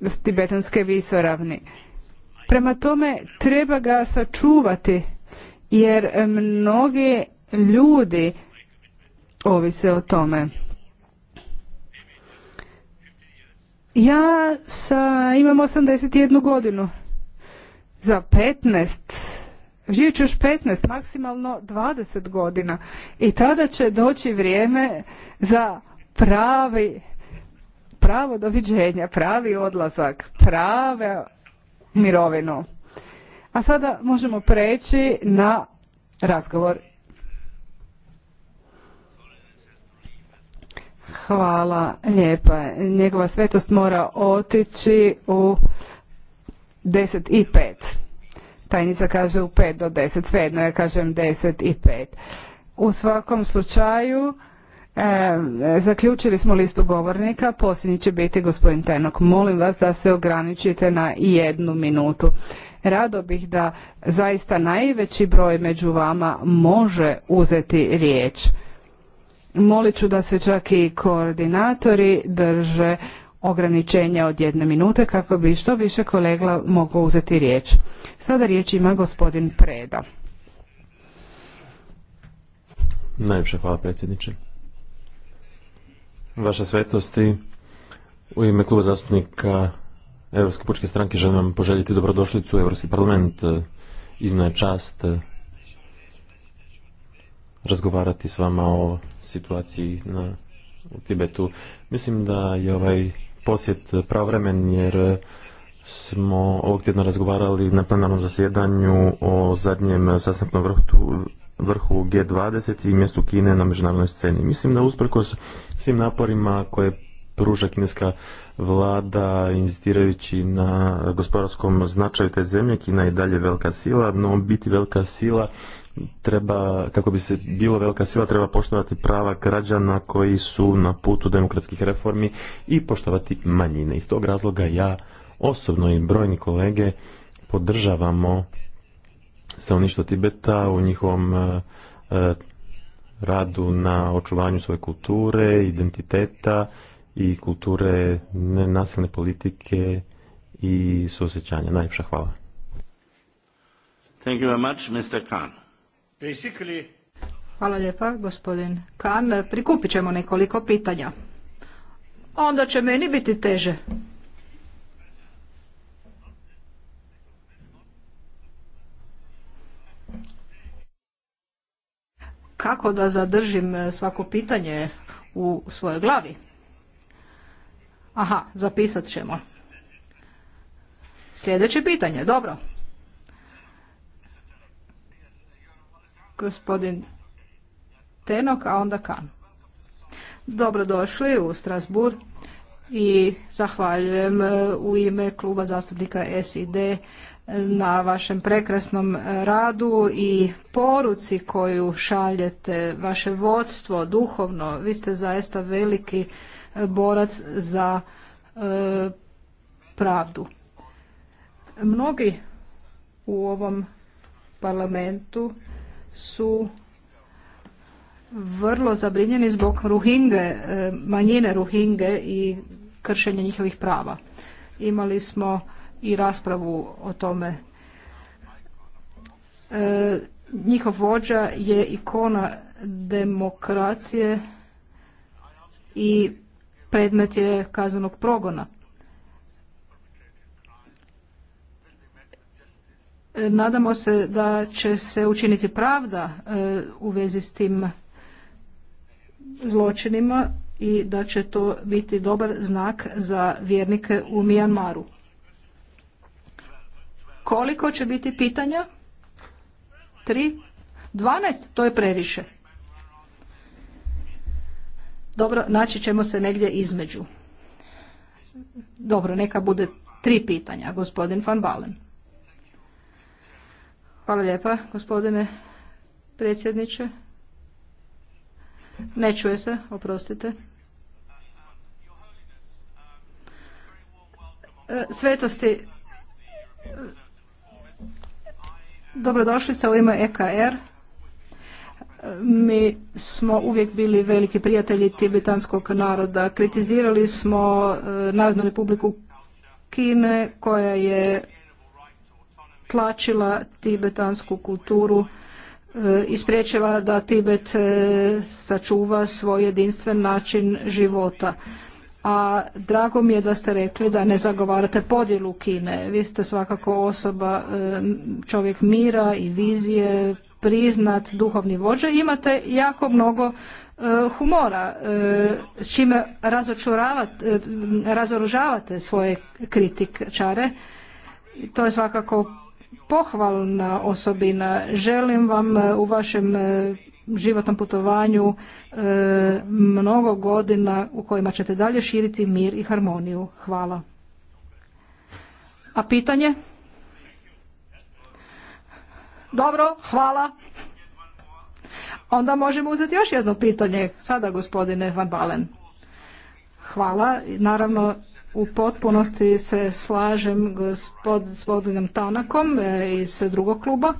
s tibetanske visoravni. Prema tome treba ga sačuvati jer mnogi ljudi ovise o tome. Ja sa, imam 81 godinu. Za 15, živit ću još 15, maksimalno 20 godina. I tada će doći vrijeme za pravi pravo doviđenja, pravi odlazak, prave mirovinu. A sada možemo preći na razgovor. Hvala lijepa. Njegova svetost mora otići u 10 i 5. Tajnica kaže u 5 do 10, svejedno ja kažem 10 i 5. U svakom slučaju E, zaključili smo listu govornika, posljednji će biti gospodin Tenok. Molim vas da se ograničite na jednu minutu. Rado bih da zaista najveći broj među vama može uzeti riječ. Molit ću da se čak i koordinatori drže ograničenja od jedne minute kako bi što više kolega moglo uzeti riječ. Sada riječ ima gospodin Preda. hvala predsjedniče. Vaša svetosti, u ime kluba zastupnika Europske pučke stranke želim vam poželjiti dobrodošlicu u Europski parlament. izna je čast eh, razgovarati s vama o situaciji na, u Tibetu. Mislim da je ovaj posjet pravremen jer eh, smo ovog tjedna razgovarali na plenarnom zasjedanju o zadnjem sastanku vrhu vrhu G20 i mjestu Kine na međunarodnoj sceni. Mislim da usprkos svim naporima koje pruža kineska vlada inzistirajući na gospodarskom značaju te zemlje, Kina je dalje velika sila, no biti velika sila treba, kako bi se bilo velika sila, treba poštovati prava građana koji su na putu demokratskih reformi i poštovati manjine. Iz tog razloga ja osobno i brojni kolege podržavamo stanovništvo Tibeta u njihovom e, e, radu na očuvanju svoje kulture, identiteta i kulture nenasilne politike i suosećanja. Najljepša hvala. Thank you very much, Mr. Khan. Basically... Hvala lijepa, gospodin Khan. Prikupit ćemo nekoliko pitanja. Onda će meni biti teže. kako da zadržim e, svako pitanje u svojoj glavi. Aha, zapisat ćemo. Sljedeće pitanje, dobro. Gospodin Tenok, a onda Kan. Dobrodošli u Strasburg i zahvaljujem e, u ime kluba zastupnika SID e, na vašem prekrasnom e, radu i poruci koju šaljete, vaše vodstvo duhovno. Vi ste zaista veliki borac za pravdu. Mnogi u ovom parlamentu su vrlo zabrinjeni zbog Ruhinge, manjine Ruhinge i kršenje njihovih prava. Imali smo i raspravu o tome. E, njihov vođa je ikona demokracije i predmet je kaznenog progona. E, nadamo se da će se učiniti pravda e, u vezi s tim zločinima i da će to biti dobar znak za vjernike u Mijanmaru. Koliko će biti pitanja? Tri? Dvanaest? To je previše. Dobro, naći ćemo se negdje između. Dobro, neka bude tri pitanja, gospodin Van Balen. Hvala lijepa, gospodine predsjedniče. Ne čuje se, oprostite. E, svetosti, e, dobrodošlica u ime EKR. Mi smo uvijek bili veliki prijatelji tibetanskog naroda. Kritizirali smo e, Narodnu republiku Kine koja je tlačila tibetansku kulturu E, ispriječila da Tibet e, sačuva svoj jedinstven način života. A drago mi je da ste rekli da ne zagovarate podjelu Kine. Vi ste svakako osoba, e, čovjek mira i vizije, priznat duhovni vođa. Imate jako mnogo humora, s čime razoružavate svoje kritičare. To je svakako pohvalna osobina. Želim vam e, u vašem e, životnom putovanju e, mnogo godina u kojima ćete dalje širiti mir i harmoniju. Hvala. A pitanje? Dobro, hvala. Onda možemo uzeti još jedno pitanje. Sada, gospodine Van Balen. Hvala. Naravno, u potpunosti se slažem s gospodinom Tanakom e, iz drugog kluba.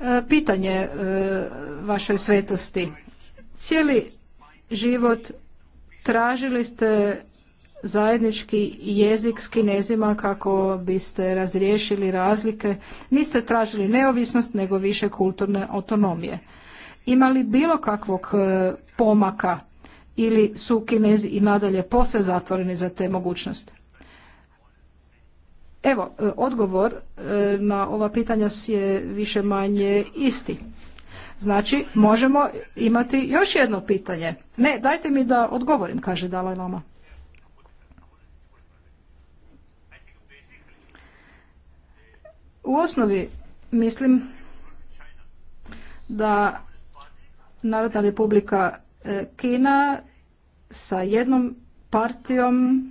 E, pitanje e, vašoj svetosti. Cijeli život tražili ste zajednički jezik s kinezima kako biste razriješili razlike. Niste tražili neovisnost nego više kulturne autonomije. Imali bilo kakvog pomaka ili su Kinezi i nadalje posve zatvoreni za te mogućnosti? Evo, e, odgovor e, na ova pitanja je više manje isti. Znači, možemo imati još jedno pitanje. Ne, dajte mi da odgovorim, kaže Dalaj Lama. U osnovi mislim da Narodna republika E, Kina sa jednom partijom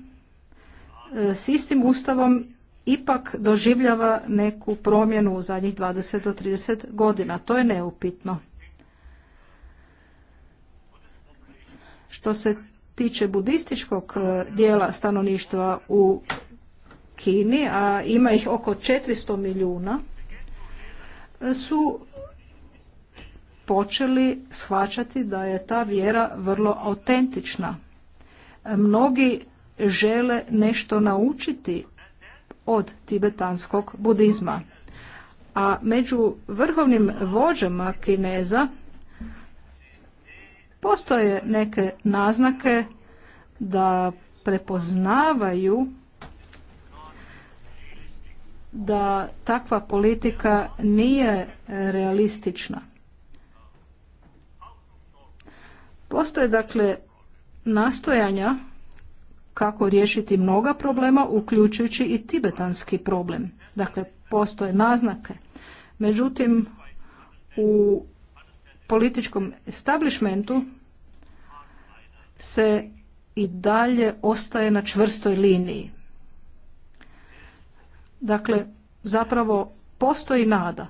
e, s istim ustavom ipak doživljava neku promjenu u zadnjih 20 do 30 godina. To je neupitno. Što se tiče budističkog e, dijela stanovništva u Kini, a ima ih oko 400 milijuna, su počeli shvaćati da je ta vjera vrlo autentična. Mnogi žele nešto naučiti od tibetanskog budizma. A među vrhovnim vođama Kineza postoje neke naznake da prepoznavaju da takva politika nije realistična. Postoje dakle nastojanja kako riješiti mnoga problema, uključujući i tibetanski problem. Dakle, postoje naznake. Međutim, u političkom establishmentu se i dalje ostaje na čvrstoj liniji. Dakle, zapravo postoji nada.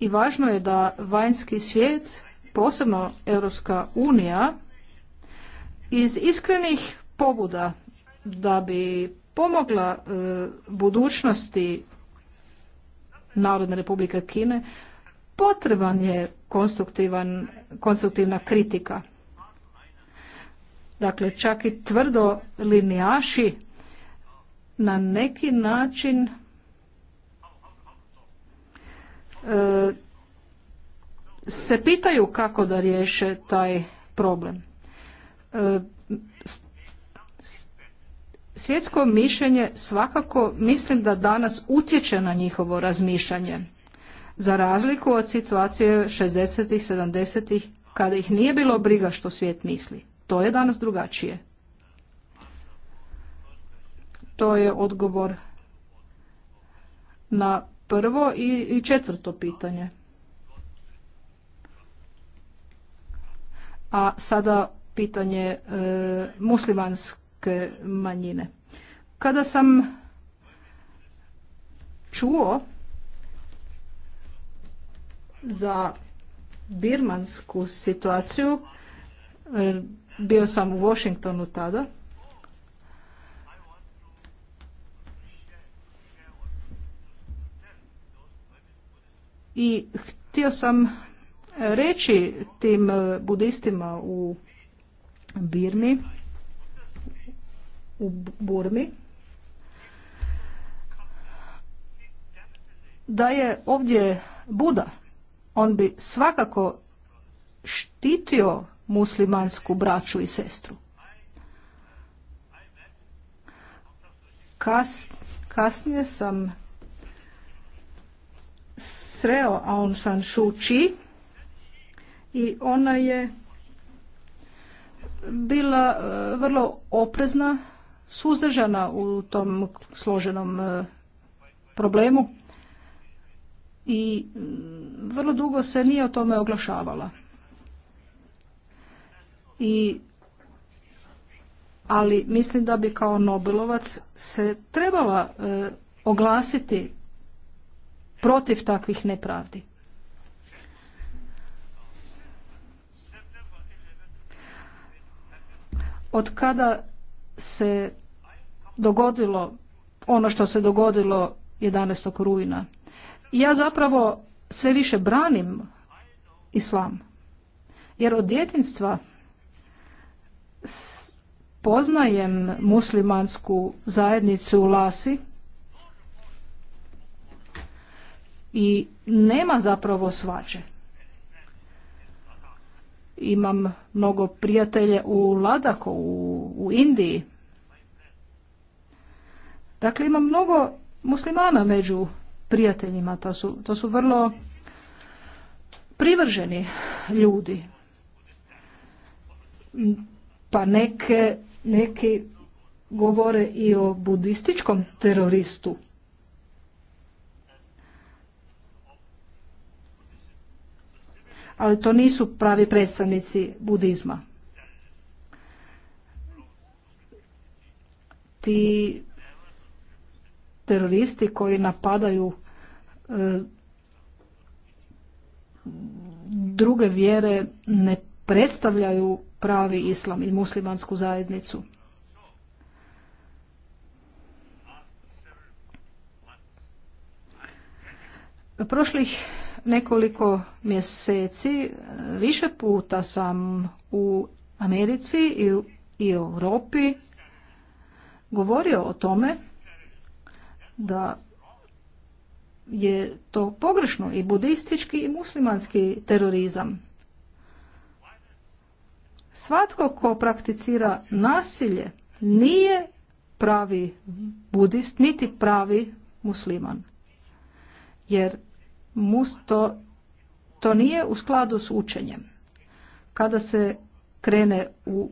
i važno je da vanjski svijet, posebno Europska unija, iz iskrenih pobuda da bi pomogla e, budućnosti Narodne republike Kine, potreban je konstruktivan, konstruktivna kritika. Dakle, čak i tvrdo linijaši na neki način se pitaju kako da riješe taj problem. E, svjetsko mišljenje svakako mislim da danas utječe na njihovo razmišljanje. Za razliku od situacije 60-ih, 70-ih, kada ih nije bilo briga što svijet misli. To je danas drugačije. To je odgovor na prvo i, četvrto pitanje. A sada pitanje e, muslimanske manjine. Kada sam čuo za birmansku situaciju, e, bio sam u Washingtonu tada, I htio sam reći tim e, budistima u Birmi, u Burmi, da je ovdje Buda, on bi svakako štitio muslimansku braću i sestru. Kas, kasnije sam sreo Aung San Suu Kyi i ona je bila e, vrlo oprezna, suzdržana u tom složenom e, problemu i vrlo dugo se nije o tome oglašavala. I ali mislim da bi kao Nobelovac se trebala e, oglasiti protiv takvih nepravdi. Od kada se dogodilo ono što se dogodilo 11. rujna, ja zapravo sve više branim islam. Jer od djetinstva poznajem muslimansku zajednicu u Lasi i nema zapravo svađe. Imam mnogo prijatelje u Ladako, u, u Indiji. Dakle, imam mnogo muslimana među prijateljima. To su, to su vrlo privrženi ljudi. Pa neke, neki govore i o budističkom teroristu ali to nisu pravi predstavnici budizma. Ti teroristi koji napadaju e, druge vjere ne predstavljaju pravi islam i muslimansku zajednicu. Prošlih nekoliko mjeseci e, više puta sam u Americi i, i Europi govorio o tome da je to pogrešno i budistički i muslimanski terorizam. Svatko ko prakticira nasilje nije pravi budist niti pravi musliman. Jer musto, to nije u skladu s učenjem. Kada se krene u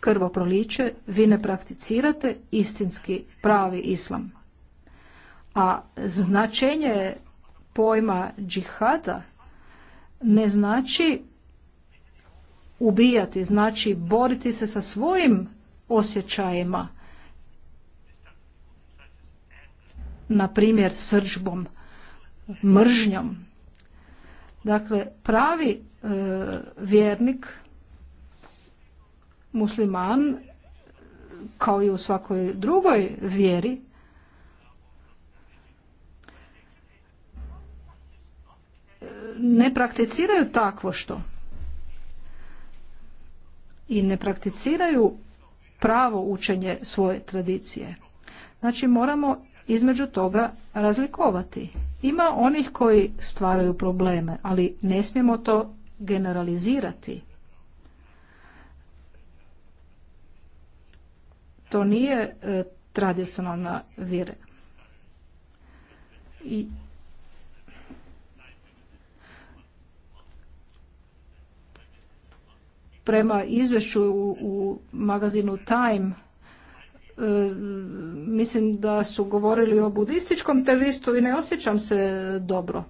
krvoproliće, vi ne prakticirate istinski pravi islam. A značenje pojma džihada ne znači ubijati, znači boriti se sa svojim osjećajima, na primjer sržbom mržnjom. Dakle, pravi e, vjernik, musliman, kao i u svakoj drugoj vjeri, ne prakticiraju takvo što i ne prakticiraju pravo učenje svoje tradicije. Znači moramo između toga razlikovati. Ima onih koji stvaraju probleme, ali ne smijemo to generalizirati. To nije e, tradicionalna vire. I prema izvješću u, u magazinu Time E, mislim da su govorili o budističkom teroristu i ne osjećam se dobro.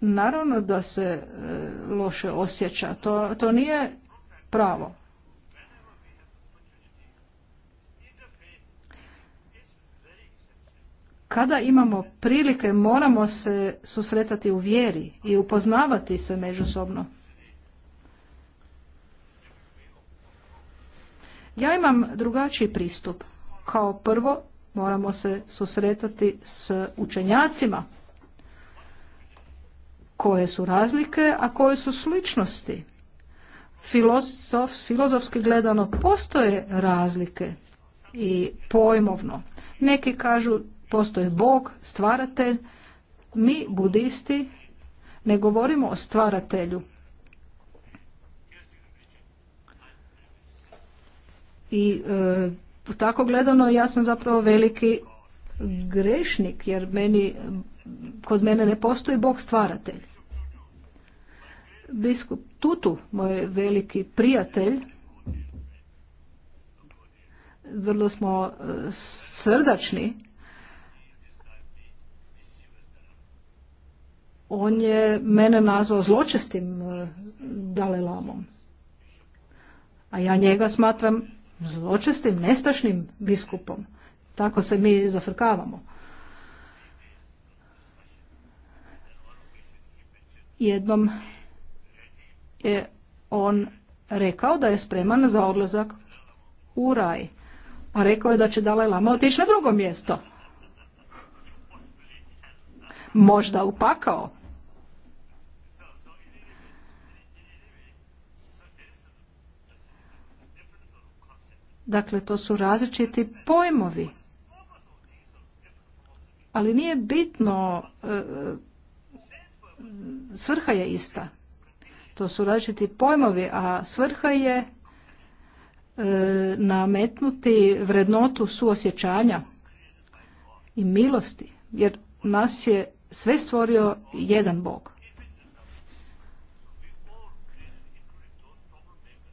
Naravno da se e, loše osjeća, to, to nije pravo. Kada imamo prilike, moramo se susretati u vjeri i upoznavati se međusobno. Ja imam drugačiji pristup. Kao prvo moramo se susretati s učenjacima koje su razlike, a koje su sličnosti. Filosof, filozofski gledano postoje razlike i pojmovno. Neki kažu postoje Bog, stvaratelj. Mi, budisti, ne govorimo o stvaratelju, I e, tako gledano ja sam zapravo veliki grešnik jer meni, kod mene ne postoji Bog stvaratelj. Biskup Tutu, moj veliki prijatelj, vrlo smo e, srdačni. On je mene nazvao zločestim e, Dalelamom. A ja njega smatram zločestim, nestašnim biskupom. Tako se mi zafrkavamo. Jednom je on rekao da je spreman za odlazak u raj. A rekao je da će Dalaj Lama otići na drugo mjesto. Možda upakao. Dakle, to su različiti pojmovi. Ali nije bitno, e, svrha je ista. To su različiti pojmovi, a svrha je e, nametnuti vrednotu suosjećanja i milosti, jer nas je sve stvorio jedan Bog.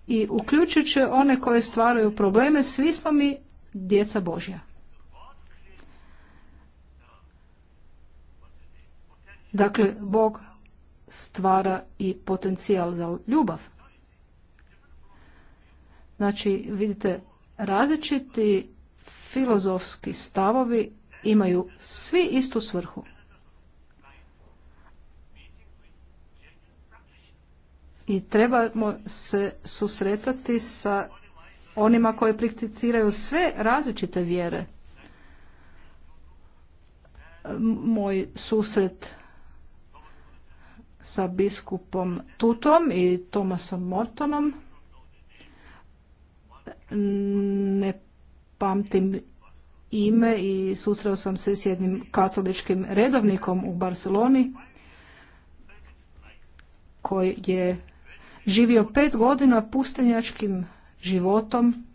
i uključujući one koje stvaraju probleme, svi smo mi djeca Božja. Dakle, Bog stvara i potencijal za ljubav. Znači, vidite, različiti filozofski stavovi imaju svi istu svrhu. i trebamo se susretati sa onima koji prakticiraju sve različite vjere. Moj susret sa biskupom Tutom i Tomasom Mortonom ne pamtim ime i susreo sam se s jednim katoličkim redovnikom u Barceloni koji je živio pet godina pustinjačkim životom,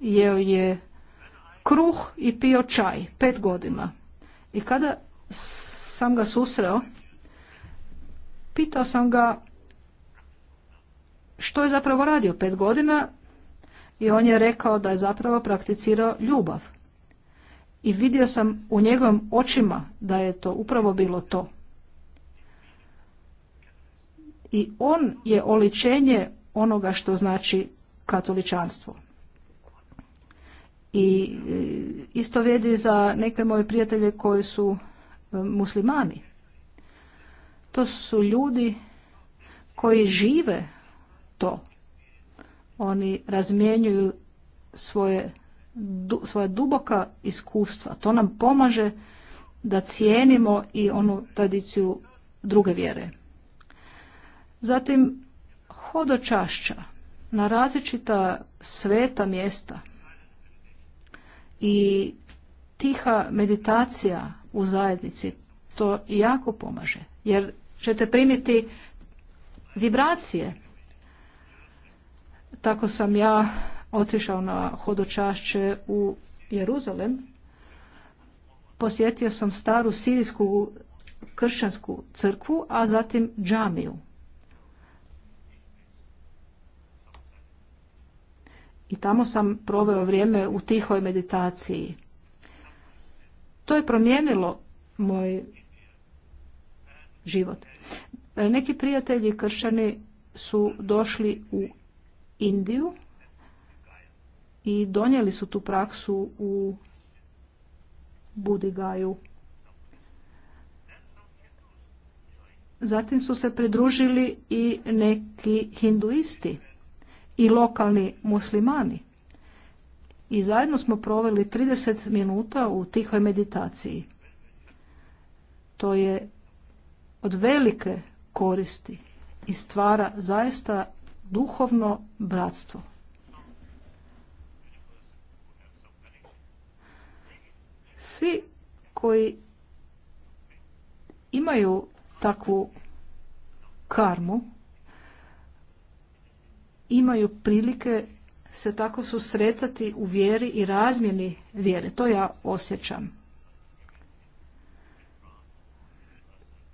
jeo je kruh i pio čaj, pet godina. I kada sam ga susreo, pitao sam ga što je zapravo radio pet godina i on je rekao da je zapravo prakticirao ljubav. I vidio sam u njegovim očima da je to upravo bilo to i on je oličenje onoga što znači katoličanstvo. I e, isto vrijedi za neke moje prijatelje koji su e, muslimani. To su ljudi koji žive to. Oni razmijenjuju svoje, svoja duboka iskustva. To nam pomaže da cijenimo i onu tradiciju druge vjere. Zatim hodočašća na različita sveta mjesta i tiha meditacija u zajednici to jako pomaže jer ćete primiti vibracije. Tako sam ja otišao na hodočašće u Jeruzalem. Posjetio sam staru sirijsku kršćansku crkvu, a zatim džamiju tamo sam proveo vrijeme u tihoj meditaciji. To je promijenilo moj život. E, neki prijatelji kršćani su došli u Indiju i donijeli su tu praksu u Budigaju. Zatim su se pridružili i neki hinduisti i lokalni muslimani. I zajedno smo proveli 30 minuta u tihoj meditaciji. To je od velike koristi i stvara zaista duhovno bratstvo. Svi koji imaju takvu karmu imaju prilike se tako susretati u vjeri i razmjeni vjere. To ja osjećam.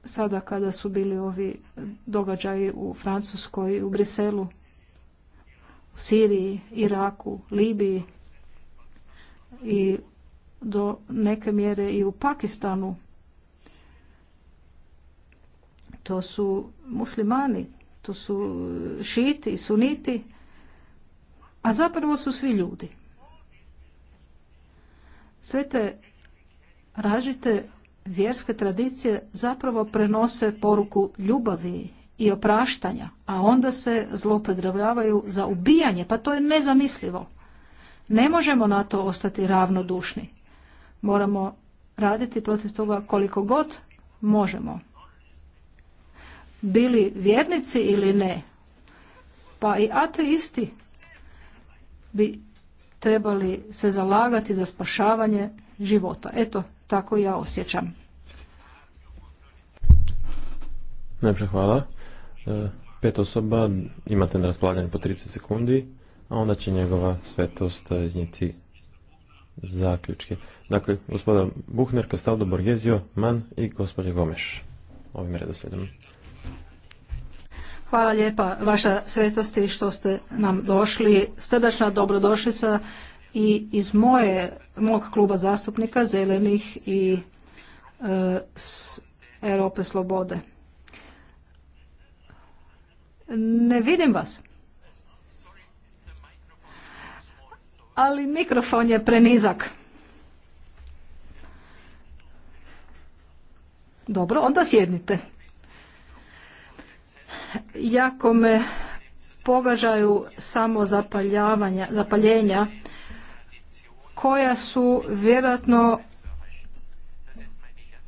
Sada kada su bili ovi događaji u Francuskoj, u Briselu, u Siriji, Iraku, Libiji i do neke mjere i u Pakistanu, to su muslimani, tu su šiti i suniti, a zapravo su svi ljudi. Sve te ražite vjerske tradicije zapravo prenose poruku ljubavi i opraštanja, a onda se zlopedravljavaju za ubijanje, pa to je nezamislivo. Ne možemo na to ostati ravnodušni. Moramo raditi protiv toga koliko god možemo bili vjernici ili ne. Pa i ateisti bi trebali se zalagati za spašavanje života. Eto, tako ja osjećam. Najprej hvala. E, pet osoba, imate na raspolaganju po 30 sekundi, a onda će njegova svetost e, iznijeti zaključke. Dakle, gospoda Buhner, Castaldo Borgezio, Man i gospodin Gomeš. Ovim redoslijedom. Hvala lijepa vaša svetosti što ste nam došli. Srdačna dobrodošlica i iz moje, mog kluba zastupnika Zelenih i e, s Europe Slobode. Ne vidim vas. Ali mikrofon je prenizak. Dobro, onda sjednite jako me pogažaju samo zapaljenja koja su vjerojatno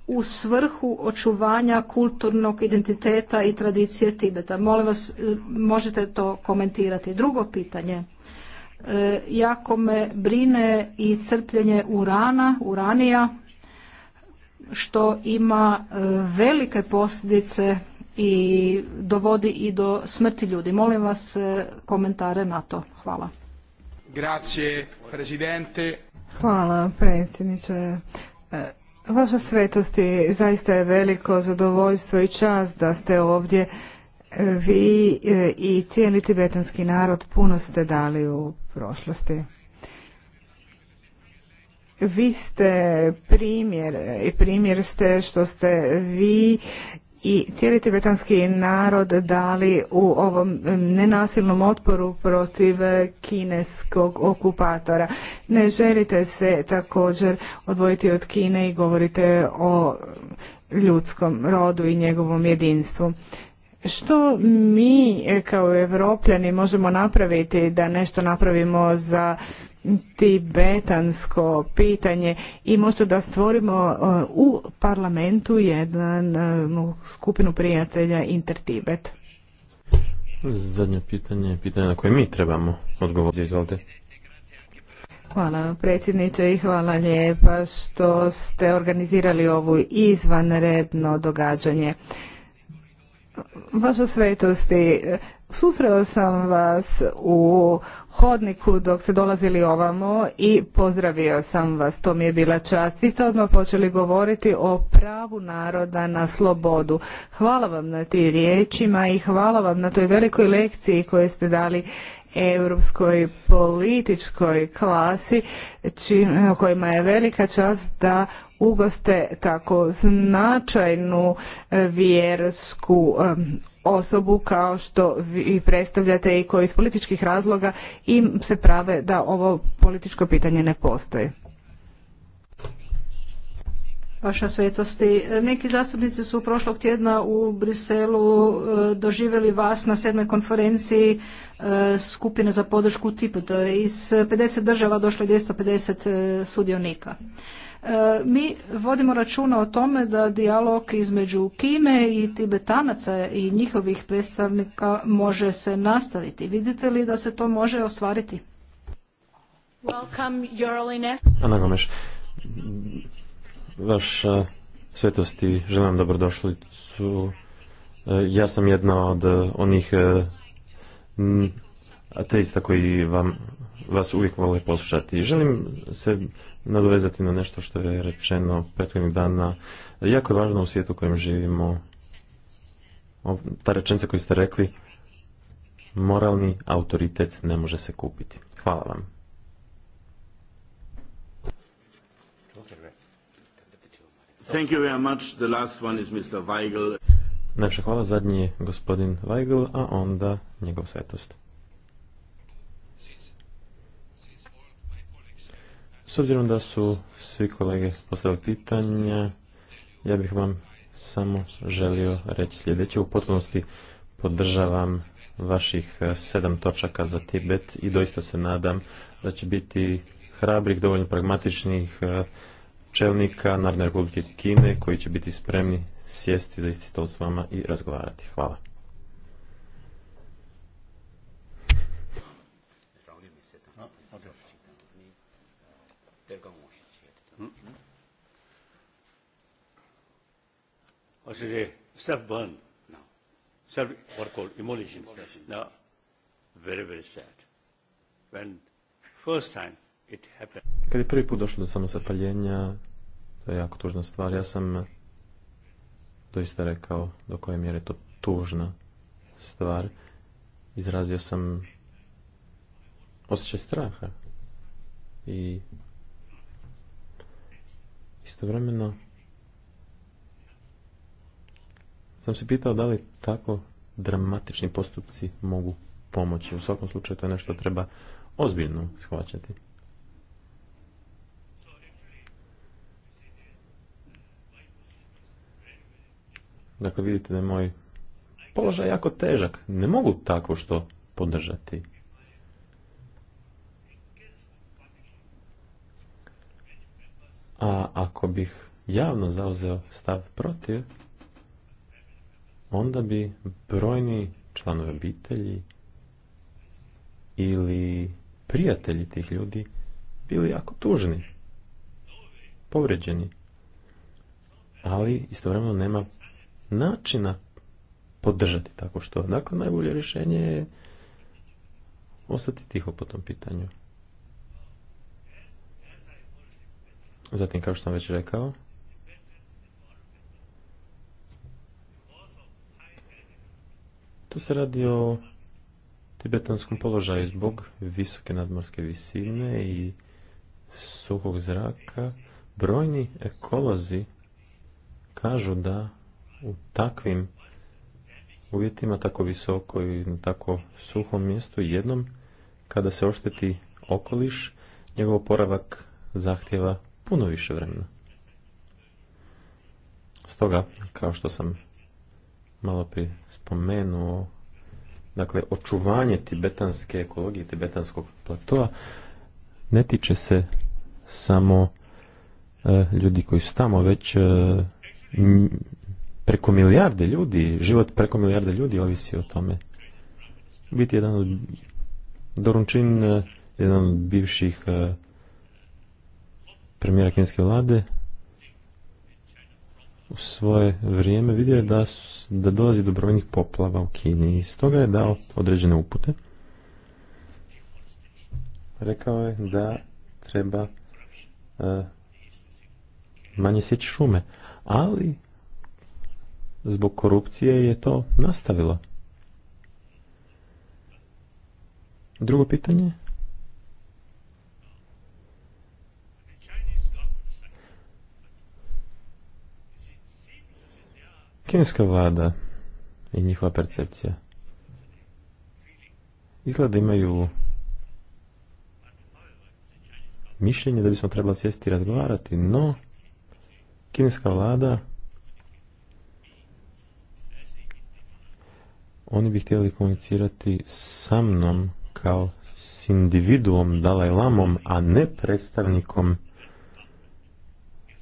u svrhu očuvanja kulturnog identiteta i tradicije Tibeta. Molim vas, e, možete to komentirati. Drugo pitanje. E, jako me brine i crpljenje urana, uranija, što ima e, velike posljedice i dovodi i do smrti ljudi. Molim vas e, komentare na to. Hvala. Grazie, presidente. Hvala, predsjedniče. E, vaša svetosti, zaista je veliko zadovoljstvo i čast da ste ovdje. E, vi i cijeli tibetanski narod puno ste dali u prošlosti. Vi ste primjer i primjer ste što ste vi i cijeli tibetanski narod dali u ovom nenasilnom otporu protiv e, kineskog okupatora. Ne želite se također odvojiti od Kine i govorite o ljudskom rodu i njegovom jedinstvu. Što mi e, kao evropljani možemo napraviti da nešto napravimo za tibetansko pitanje i možda da stvorimo e, u parlamentu e, jednu skupinu prijatelja Intertibet. Zadnje pitanje, pitanje na koje mi trebamo odgovoriti, izvolite. Hvala predsjedniče i hvala lijepa što ste organizirali ovo izvanredno događanje. Vaša svetosti, susreo sam vas u hodniku dok ste dolazili ovamo i pozdravio sam vas, to mi je bila čast. Vi ste odmah počeli govoriti o pravu naroda na slobodu. Hvala vam na ti riječima i hvala vam na toj velikoj lekciji koju ste dali europskoj političkoj klasi kojima je velika čast da ugoste tako značajnu e, vjersku e, osobu kao što vi predstavljate i koji iz političkih razloga im se prave da ovo političko pitanje ne postoji. Vaša svetosti, e, neki zastupnici su prošlog tjedna u Briselu doživjeli vas na sedmoj konferenciji skupine za podršku TIPT. Iz 50 država došlo je 250 sudionika. E, mi vodimo računa o tome da dijalog između Kine i Tibetanaca i njihovih predstavnika može se nastaviti. Vidite li da se to može ostvariti? Ana Gomeš, vaša e, svetosti, želim dobrodošlicu. E, ja sam jedna od onih ateista koji vam, vas uvijek vole poslušati. Želim se nadovezati na nešto što je rečeno prethodnih dana. Jako je važno u svijetu u kojem živimo, ta rečenica koju ste rekli, moralni autoritet ne može se kupiti. Hvala vam. hvala, zadnji je gospodin Weigl, a onda njegov svetost. S obzirom da su svi kolege postavili pitanja, ja bih vam samo želio reći sljedeće. U potpunosti podržavam vaših e, sedam točaka za Tibet i doista se nadam da će biti hrabrih, dovoljno pragmatičnih e, čelnika Narodne Republike Kine koji će biti spremni sjesti za isti stol s vama i razgovarati. Hvala. Kada Kad je prvi put došlo do samozapaljenja, to je jako tužna stvar. Ja sam doista rekao do koje mjere je to tužna stvar. Izrazio sam osjećaj straha i istovremeno sam se pitao da li tako dramatični postupci mogu pomoći. U svakom slučaju to je nešto treba ozbiljno shvaćati. Dakle, vidite da je moj položaj jako težak. Ne mogu tako što podržati. A ako bih javno zauzeo stav protiv, onda bi brojni članovi obitelji ili prijatelji tih ljudi bili jako tužni, povređeni, ali istovremeno nema načina podržati tako što. Dakle, najbolje rješenje je ostati tiho po tom pitanju. Zatim, kao što sam već rekao, Tu se radi o tibetanskom položaju zbog visoke nadmorske visine i suhog zraka. Brojni ekolozi kažu da u takvim uvjetima tako visoko i na tako suhom mjestu jednom kada se ošteti okoliš, njegov oporavak zahtjeva puno više vremena. Stoga, kao što sam malo prije spomenuo, dakle, očuvanje tibetanske ekologije, tibetanskog platoa, ne tiče se samo e, ljudi koji su tamo, već e, preko milijarde ljudi, život preko milijarde ljudi ovisi o tome. Biti jedan od Dorunčin, e, jedan od bivših premijera kineske vlade, u svoje vrijeme vidio je da, da dolazi do brojnih poplava u Kini i stoga je dao određene upute. Rekao je da treba e, manje sjeći šume, ali zbog korupcije je to nastavilo. Drugo pitanje Kineska vlada i njihova percepcija izgleda imaju mišljenje da bismo trebali sjesti i razgovarati, no kineska vlada oni bi htjeli komunicirati sa mnom kao s individuom Dalaj Lamom, a ne predstavnikom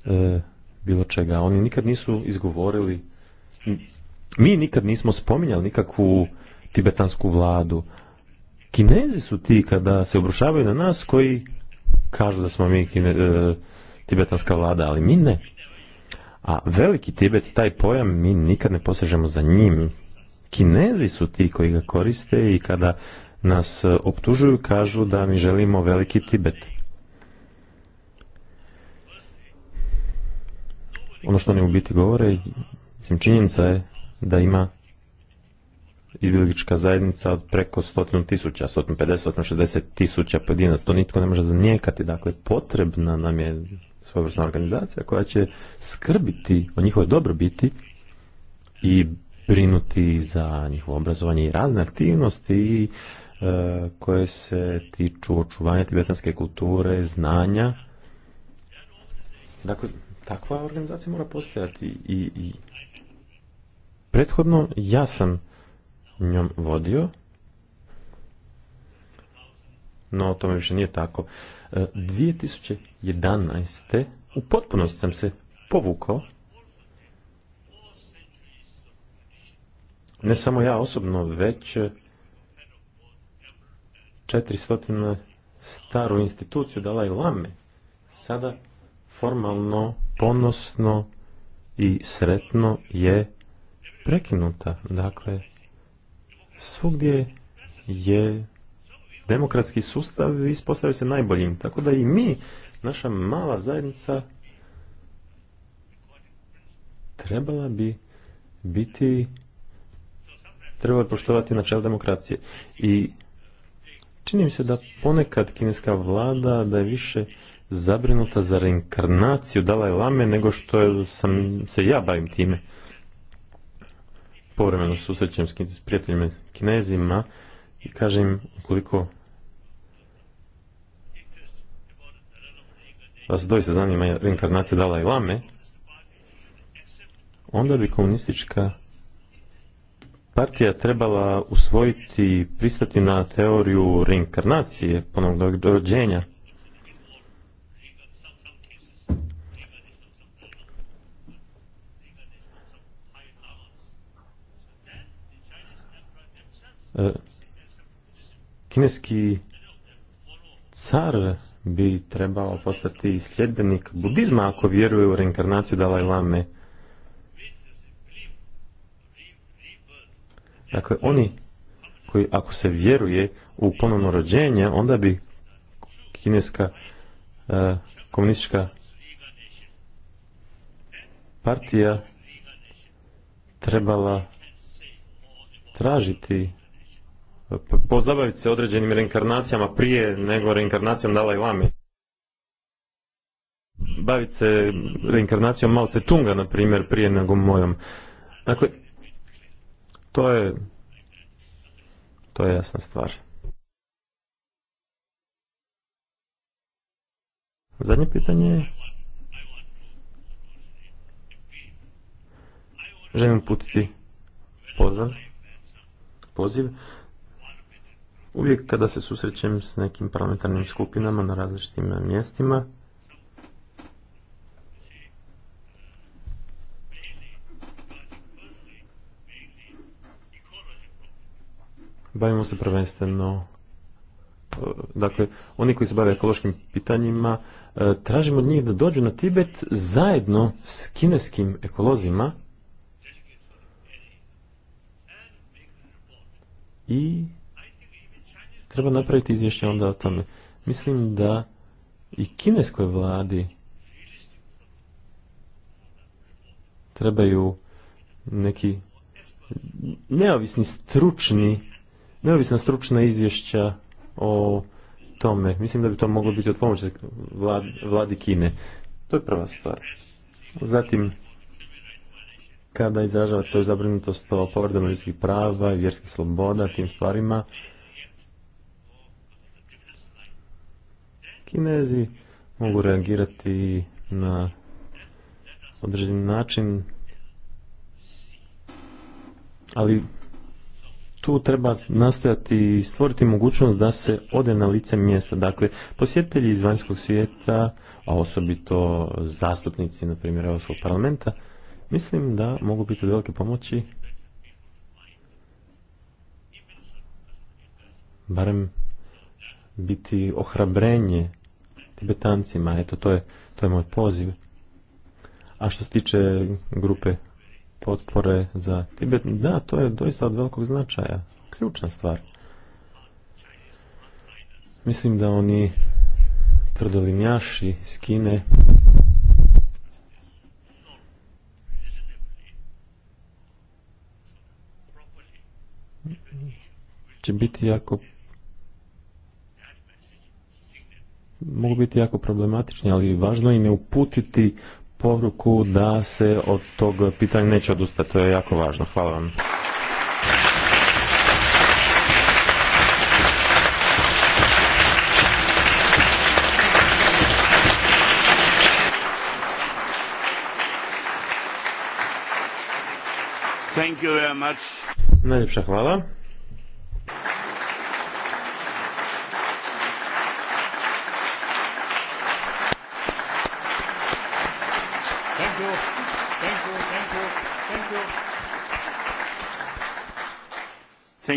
e, bilo čega. Oni nikad nisu izgovorili mi nikad nismo spominjali nikakvu tibetansku vladu. Kinezi su ti kada se obrušavaju na nas koji kažu da smo mi kine, e, tibetanska vlada, ali mi ne. A veliki Tibet, taj pojam, mi nikad ne posežemo za njim. Kinezi su ti koji ga koriste i kada nas e, optužuju kažu da mi želimo veliki Tibet. Ono što oni u biti govore činjenica je da ima izbjeglička zajednica od preko stotinu tisuća, stotinu šezdeset tisuća pojedinaca, to nitko ne može zanijekati. Dakle, potrebna nam je svojevrsna organizacija koja će skrbiti o njihovoj dobrobiti i brinuti za njihovo obrazovanje i razne aktivnosti e, koje se tiču očuvanja tibetanske kulture, znanja. Dakle, takva organizacija mora postojati i, i prethodno ja sam njom vodio, no tome više nije tako. 2011. E, u potpunosti sam se povukao, ne samo ja osobno, već 400 staru instituciju dala i Lame, sada formalno, ponosno i sretno je prekinuta. Dakle, svugdje je demokratski sustav ispostavio se najboljim. Tako da i mi, naša mala zajednica, trebala bi biti trebala poštovati načel demokracije. I čini mi se da ponekad kineska vlada da je više zabrinuta za reinkarnaciju je Lame nego što sam se ja bavim time povremeno susrećem s prijateljima kinezima i kažem koliko vas doista zanima reinkarnacija i Lame, onda bi komunistička partija trebala usvojiti, pristati na teoriju reinkarnacije, ponovnog rođenja. E, kineski car bi trebao postati sljedbenik budizma ako vjeruje u reinkarnaciju Dalai Lame. Dakle, oni koji ako se vjeruje u ponovno rođenje, onda bi kineska e, komunistička partija trebala tražiti pozabaviti se određenim reinkarnacijama prije nego reinkarnacijom Dalaj Lame. Baviti se reinkarnacijom Mao Tunga, na primjer, prije nego mojom. Dakle, to je, to je jasna stvar. Zadnje pitanje je... Želim putiti pozdrav, poziv Uvijek kada se susrećem s nekim parlamentarnim skupinama na različitim mjestima, bavimo se prvenstveno e, dakle, oni koji se bave ekološkim pitanjima, e, tražimo od njih da dođu na Tibet zajedno s kineskim ekolozima i Treba napraviti izvješće onda o tome. Mislim da i kineskoj vladi trebaju neki neovisni stručni, neovisna stručna izvješća o tome. Mislim da bi to moglo biti od pomoći vladi, Kine. To je prva stvar. Zatim, kada izražavate svoju zabrinutost o povredama ljudskih prava i vjerskih sloboda, tim stvarima, Kinezi mogu reagirati na određeni način, ali tu treba nastojati i stvoriti mogućnost da se ode na lice mjesta. Dakle, posjetitelji iz vanjskog svijeta, a osobito zastupnici, na primjer, Europskog parlamenta, mislim da mogu biti velike pomoći barem biti ohrabrenje Tibetancima. Eto, to je, to je moj poziv. A što se tiče grupe potpore za Tibet, da, to je doista od velikog značaja. Ključna stvar. Mislim da oni tvrdolinjaši iz Kine će biti jako mogu biti jako problematični, ali važno im je uputiti poruku da se od tog pitanja neće odustati, to je jako važno. Hvala vam. Thank you very much. Najljepša hvala.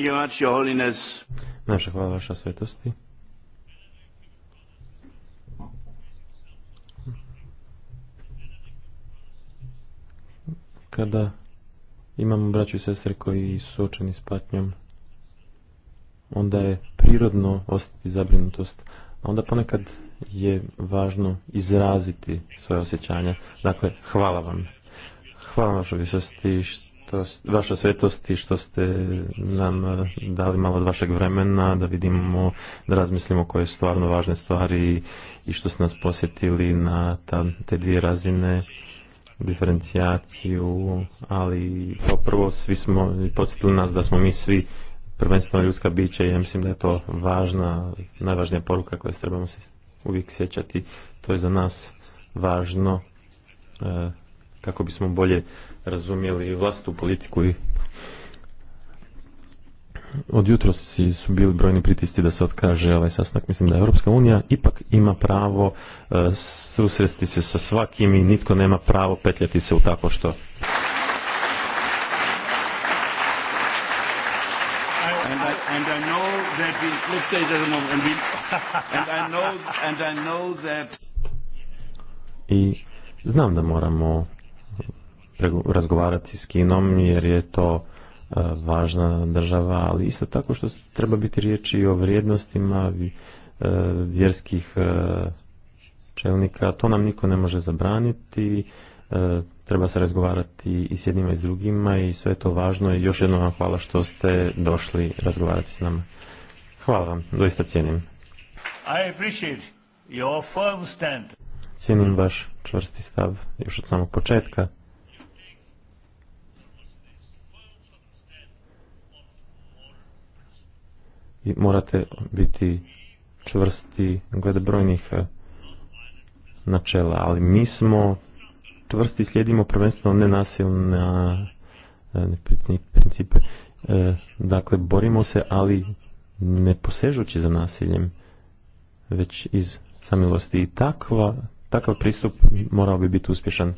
you Naša hvala vaša svetosti. Kada imamo braću i sestre koji su suočeni s patnjom, onda je prirodno ostati zabrinutost, a onda ponekad je važno izraziti svoje osjećanja. Dakle, hvala vam. Hvala vam što Vaše vaša što ste nam e, dali malo od vašeg vremena da vidimo, da razmislimo koje su stvarno važne stvari i što ste nas posjetili na te dvije razine diferencijaciju, ali kao prvo svi smo podsjetili nas da smo mi svi prvenstveno ljudska bića i ja mislim da je to važna, najvažnija poruka koju trebamo se uvijek sjećati. To je za nas važno e, kako bismo bolje razumjeli vlastitu politiku i od jutros su bili brojni pritisci da se otkaže ovaj sastanak. Mislim da Europska unija ipak ima pravo e, susresti se sa svakim i nitko nema pravo petljati se u tako što. I znam da moramo razgovarati s Kinom jer je to e, važna država, ali isto tako što treba biti riječi i o vrijednostima e, vjerskih e, čelnika, to nam niko ne može zabraniti, treba se razgovarati i s jednima i s drugima i sve je to važno i još jednom vam hvala što ste došli razgovarati s nama. Hvala vam, doista cijenim. Cijenim vaš čvrsti stav još od samog početka. i morate biti čvrsti glede brojnih eh, načela, ali mi smo čvrsti slijedimo prvenstveno nenasilna eh, principe. Eh, dakle, borimo se, ali ne posežući za nasiljem, već iz samilosti. I takav pristup morao bi biti uspješan.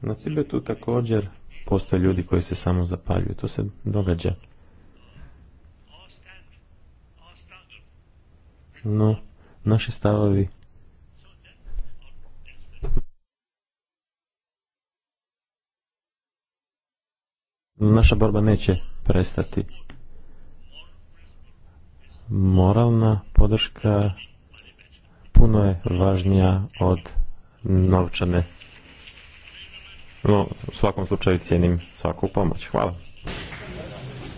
Na tu također postoje ljudi koji se samo zapaljuju. To se događa. no naši stavovi naša borba neće prestati. Moralna podrška puno je važnija od novčane. No, u svakom slučaju cijenim svaku pomoć. Hvala.